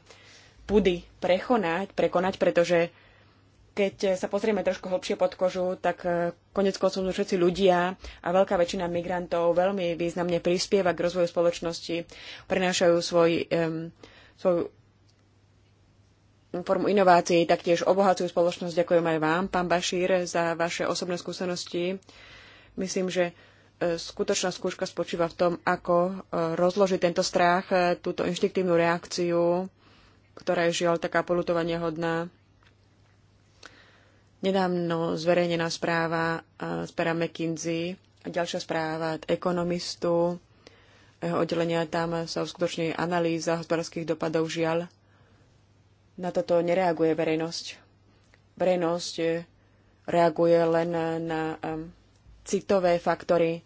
pudy prekonať, prekonať, pretože keď sa pozrieme trošku hlbšie pod kožu, tak e, konec koncov sú všetci ľudia a veľká väčšina migrantov veľmi významne prispieva k rozvoju spoločnosti, prinášajú svoj, um, svoju formu inovácií, taktiež obohacujú spoločnosť. Ďakujem aj vám, pán Bašír, za vaše osobné skúsenosti. Myslím, že e, skutočná skúška spočíva v tom, ako e, rozložiť tento strach, túto inštiktívnu reakciu, ktorá je žiaľ taká polutovania hodná. Nedávno zverejnená správa z eh, pera McKinsey a ďalšia správa od ekonomistu jeho oddelenia, tam sa uskutoční analýza hospodárskych dopadov žiaľ. Na toto nereaguje verejnosť. Verejnosť eh, reaguje len na citové faktory.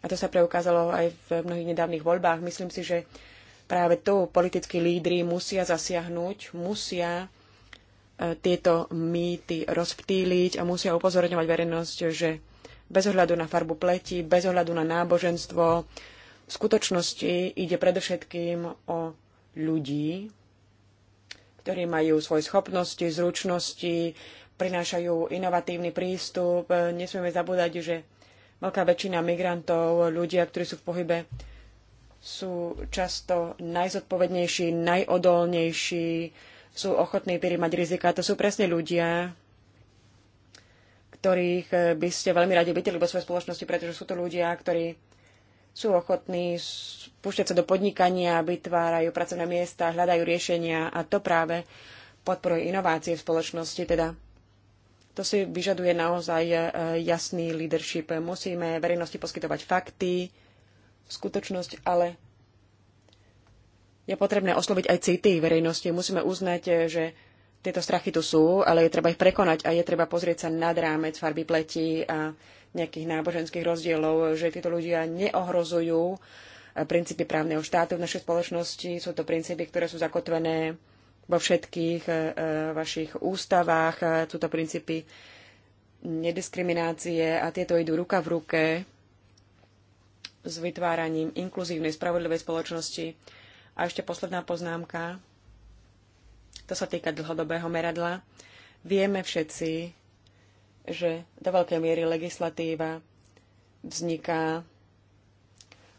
A to sa preukázalo aj v mnohých nedávnych voľbách. Myslím si, že práve tu politickí lídry musia zasiahnuť, musia E, tieto mýty rozptýliť a musia upozorňovať verejnosť, že bez ohľadu na farbu pleti, bez ohľadu na náboženstvo, v skutočnosti ide predovšetkým o ľudí, ktorí majú svoje schopnosti, zručnosti, prinášajú inovatívny prístup. E, nesmieme zabúdať, že veľká väčšina migrantov, ľudia, ktorí sú v pohybe, sú často najzodpovednejší, najodolnejší, sú ochotní príjmať rizika. To sú presne ľudia, ktorých eh, by ste veľmi radi videli vo svojej spoločnosti, pretože sú to ľudia, ktorí sú ochotní púšťať sa do podnikania, vytvárajú pracovné miesta, hľadajú riešenia a to práve podporuje inovácie v spoločnosti. Teda to si vyžaduje naozaj eh, jasný leadership. Musíme verejnosti poskytovať fakty, skutočnosť, ale je potrebné osloviť aj city verejnosti. Musíme uznať, eh, že tieto strachy tu sú, ale je treba ich prekonať a je treba pozrieť sa nad rámec farby pleti a nejakých náboženských rozdielov, že títo ľudia neohrozujú eh, princípy právneho štátu v našej spoločnosti. Sú to princípy, ktoré sú zakotvené vo všetkých eh, vašich ústavách. Sú to princípy nediskriminácie a tieto idú ruka v ruke s vytváraním inkluzívnej spravodlivej spoločnosti a ešte posledná poznámka. To sa týka dlhodobého meradla. Vieme všetci, že do veľkej miery legislatíva vzniká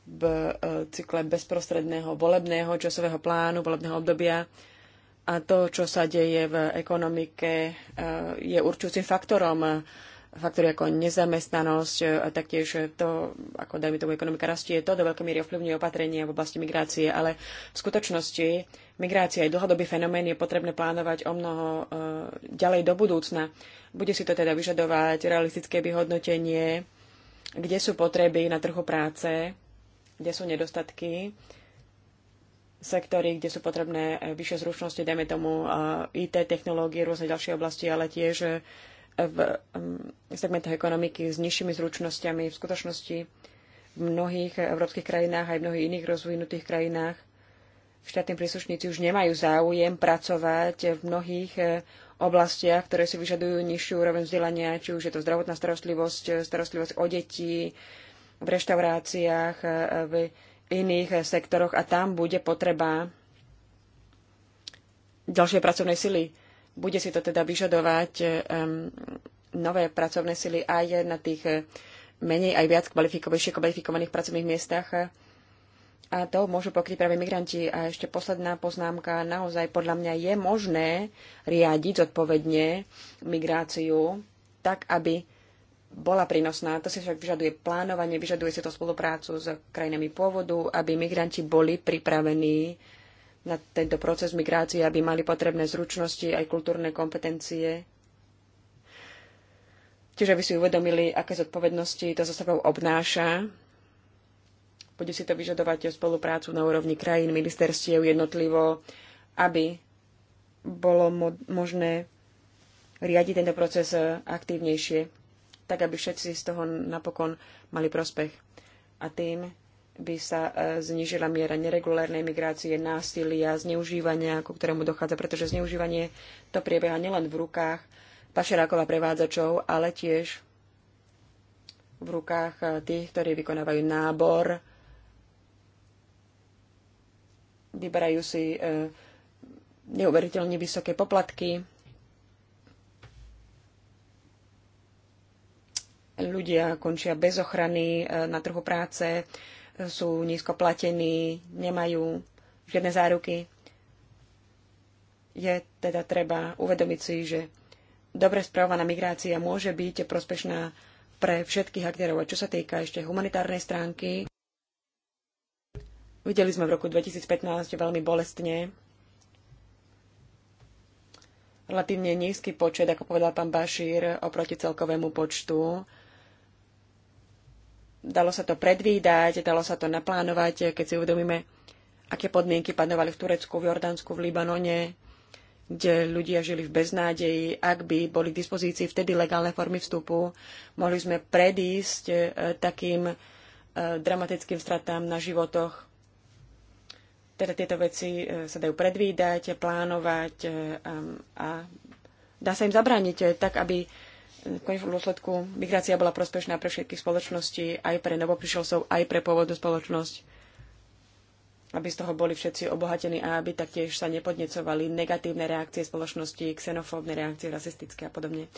v e, cykle bezprostredného volebného časového plánu, volebného obdobia a to, čo sa deje v ekonomike, e, je určujúcim faktorom faktory ako nezamestnanosť e, a taktiež to, ako dajme tomu ekonomika rastie, to do veľkej miery ovplyvňuje opatrenie v oblasti migrácie, ale v skutočnosti migrácia je dlhodobý fenomén, je potrebné plánovať o mnoho e, ďalej do budúcna. Bude si to teda vyžadovať realistické vyhodnotenie, kde sú potreby na trhu práce, kde sú nedostatky, sektory, kde sú potrebné e, vyššie zručnosti, dajme tomu e, IT, technológie, rôzne ďalšie oblasti, ale tiež e, Mm, v segmentoch ekonomiky s nižšími zručnosťami. V skutočnosti v mnohých európskych krajinách aj v mnohých iných rozvinutých krajinách štátni príslušníci už nemajú záujem pracovať v mnohých eh, oblastiach, ktoré si vyžadujú nižšiu úroveň vzdelania, či už je to zdravotná starostlivosť, eh, starostlivosť o deti, v reštauráciách, eh, v iných sektoroch a tam bude potreba ďalšej pracovnej sily bude si to teda vyžadovať eh, nové pracovné sily aj na tých eh, menej aj viac kvalifikovejšie kvalifikovaných pracovných miestach. A to môžu pokryť práve migranti. A ešte posledná poznámka. Naozaj podľa mňa je možné riadiť zodpovedne migráciu tak, aby bola prínosná. To si však vyžaduje plánovanie, vyžaduje si to spoluprácu s krajinami pôvodu, aby migranti boli pripravení na tento proces migrácie, aby mali potrebné zručnosti aj kultúrne kompetencie. Tiež aby si uvedomili, aké zodpovednosti to so sebou obnáša. Bude si to vyžadovať spoluprácu na úrovni krajín, ministerstiev jednotlivo, aby bolo mo- možné riadiť tento proces aktívnejšie, tak aby všetci z toho napokon mali prospech. A tým by sa e, znížila miera neregulárnej migrácie, násilia, zneužívania, ku ktorému dochádza, pretože zneužívanie to priebieha nielen v rukách pašerákov a prevádzačov, ale tiež v rukách e, tých, ktorí vykonávajú nábor, vyberajú si e, neuveriteľne vysoké poplatky. Ľudia končia bez ochrany na trhu práce, sú nízko platení, nemajú žiadne záruky. Je teda treba uvedomiť si, že dobre spravovaná migrácia môže byť prospešná pre všetkých aktérov. A čo sa týka ešte humanitárnej stránky, videli sme v roku 2015 veľmi bolestne relatívne nízky počet, ako povedal pán Bašír, oproti celkovému počtu Dalo sa to predvídať, dalo sa to naplánovať, keď si uvedomíme, aké podmienky panovali v Turecku, v Jordánsku, v Libanone, kde ľudia žili v beznádeji, ak by boli k dispozícii vtedy legálne formy vstupu, mohli sme predísť e, takým e, dramatickým stratám na životoch. Teda tieto veci e, sa dajú predvídať, plánovať a dá sa im zabrániť tak, aby v konečnom dôsledku migrácia bola prospešná pre všetky spoločnosti, aj pre novoprišelcov, aj pre pôvodnú spoločnosť aby z toho boli všetci obohatení a aby taktiež sa nepodnecovali negatívne reakcie spoločnosti, xenofóbne reakcie, rasistické a podobne.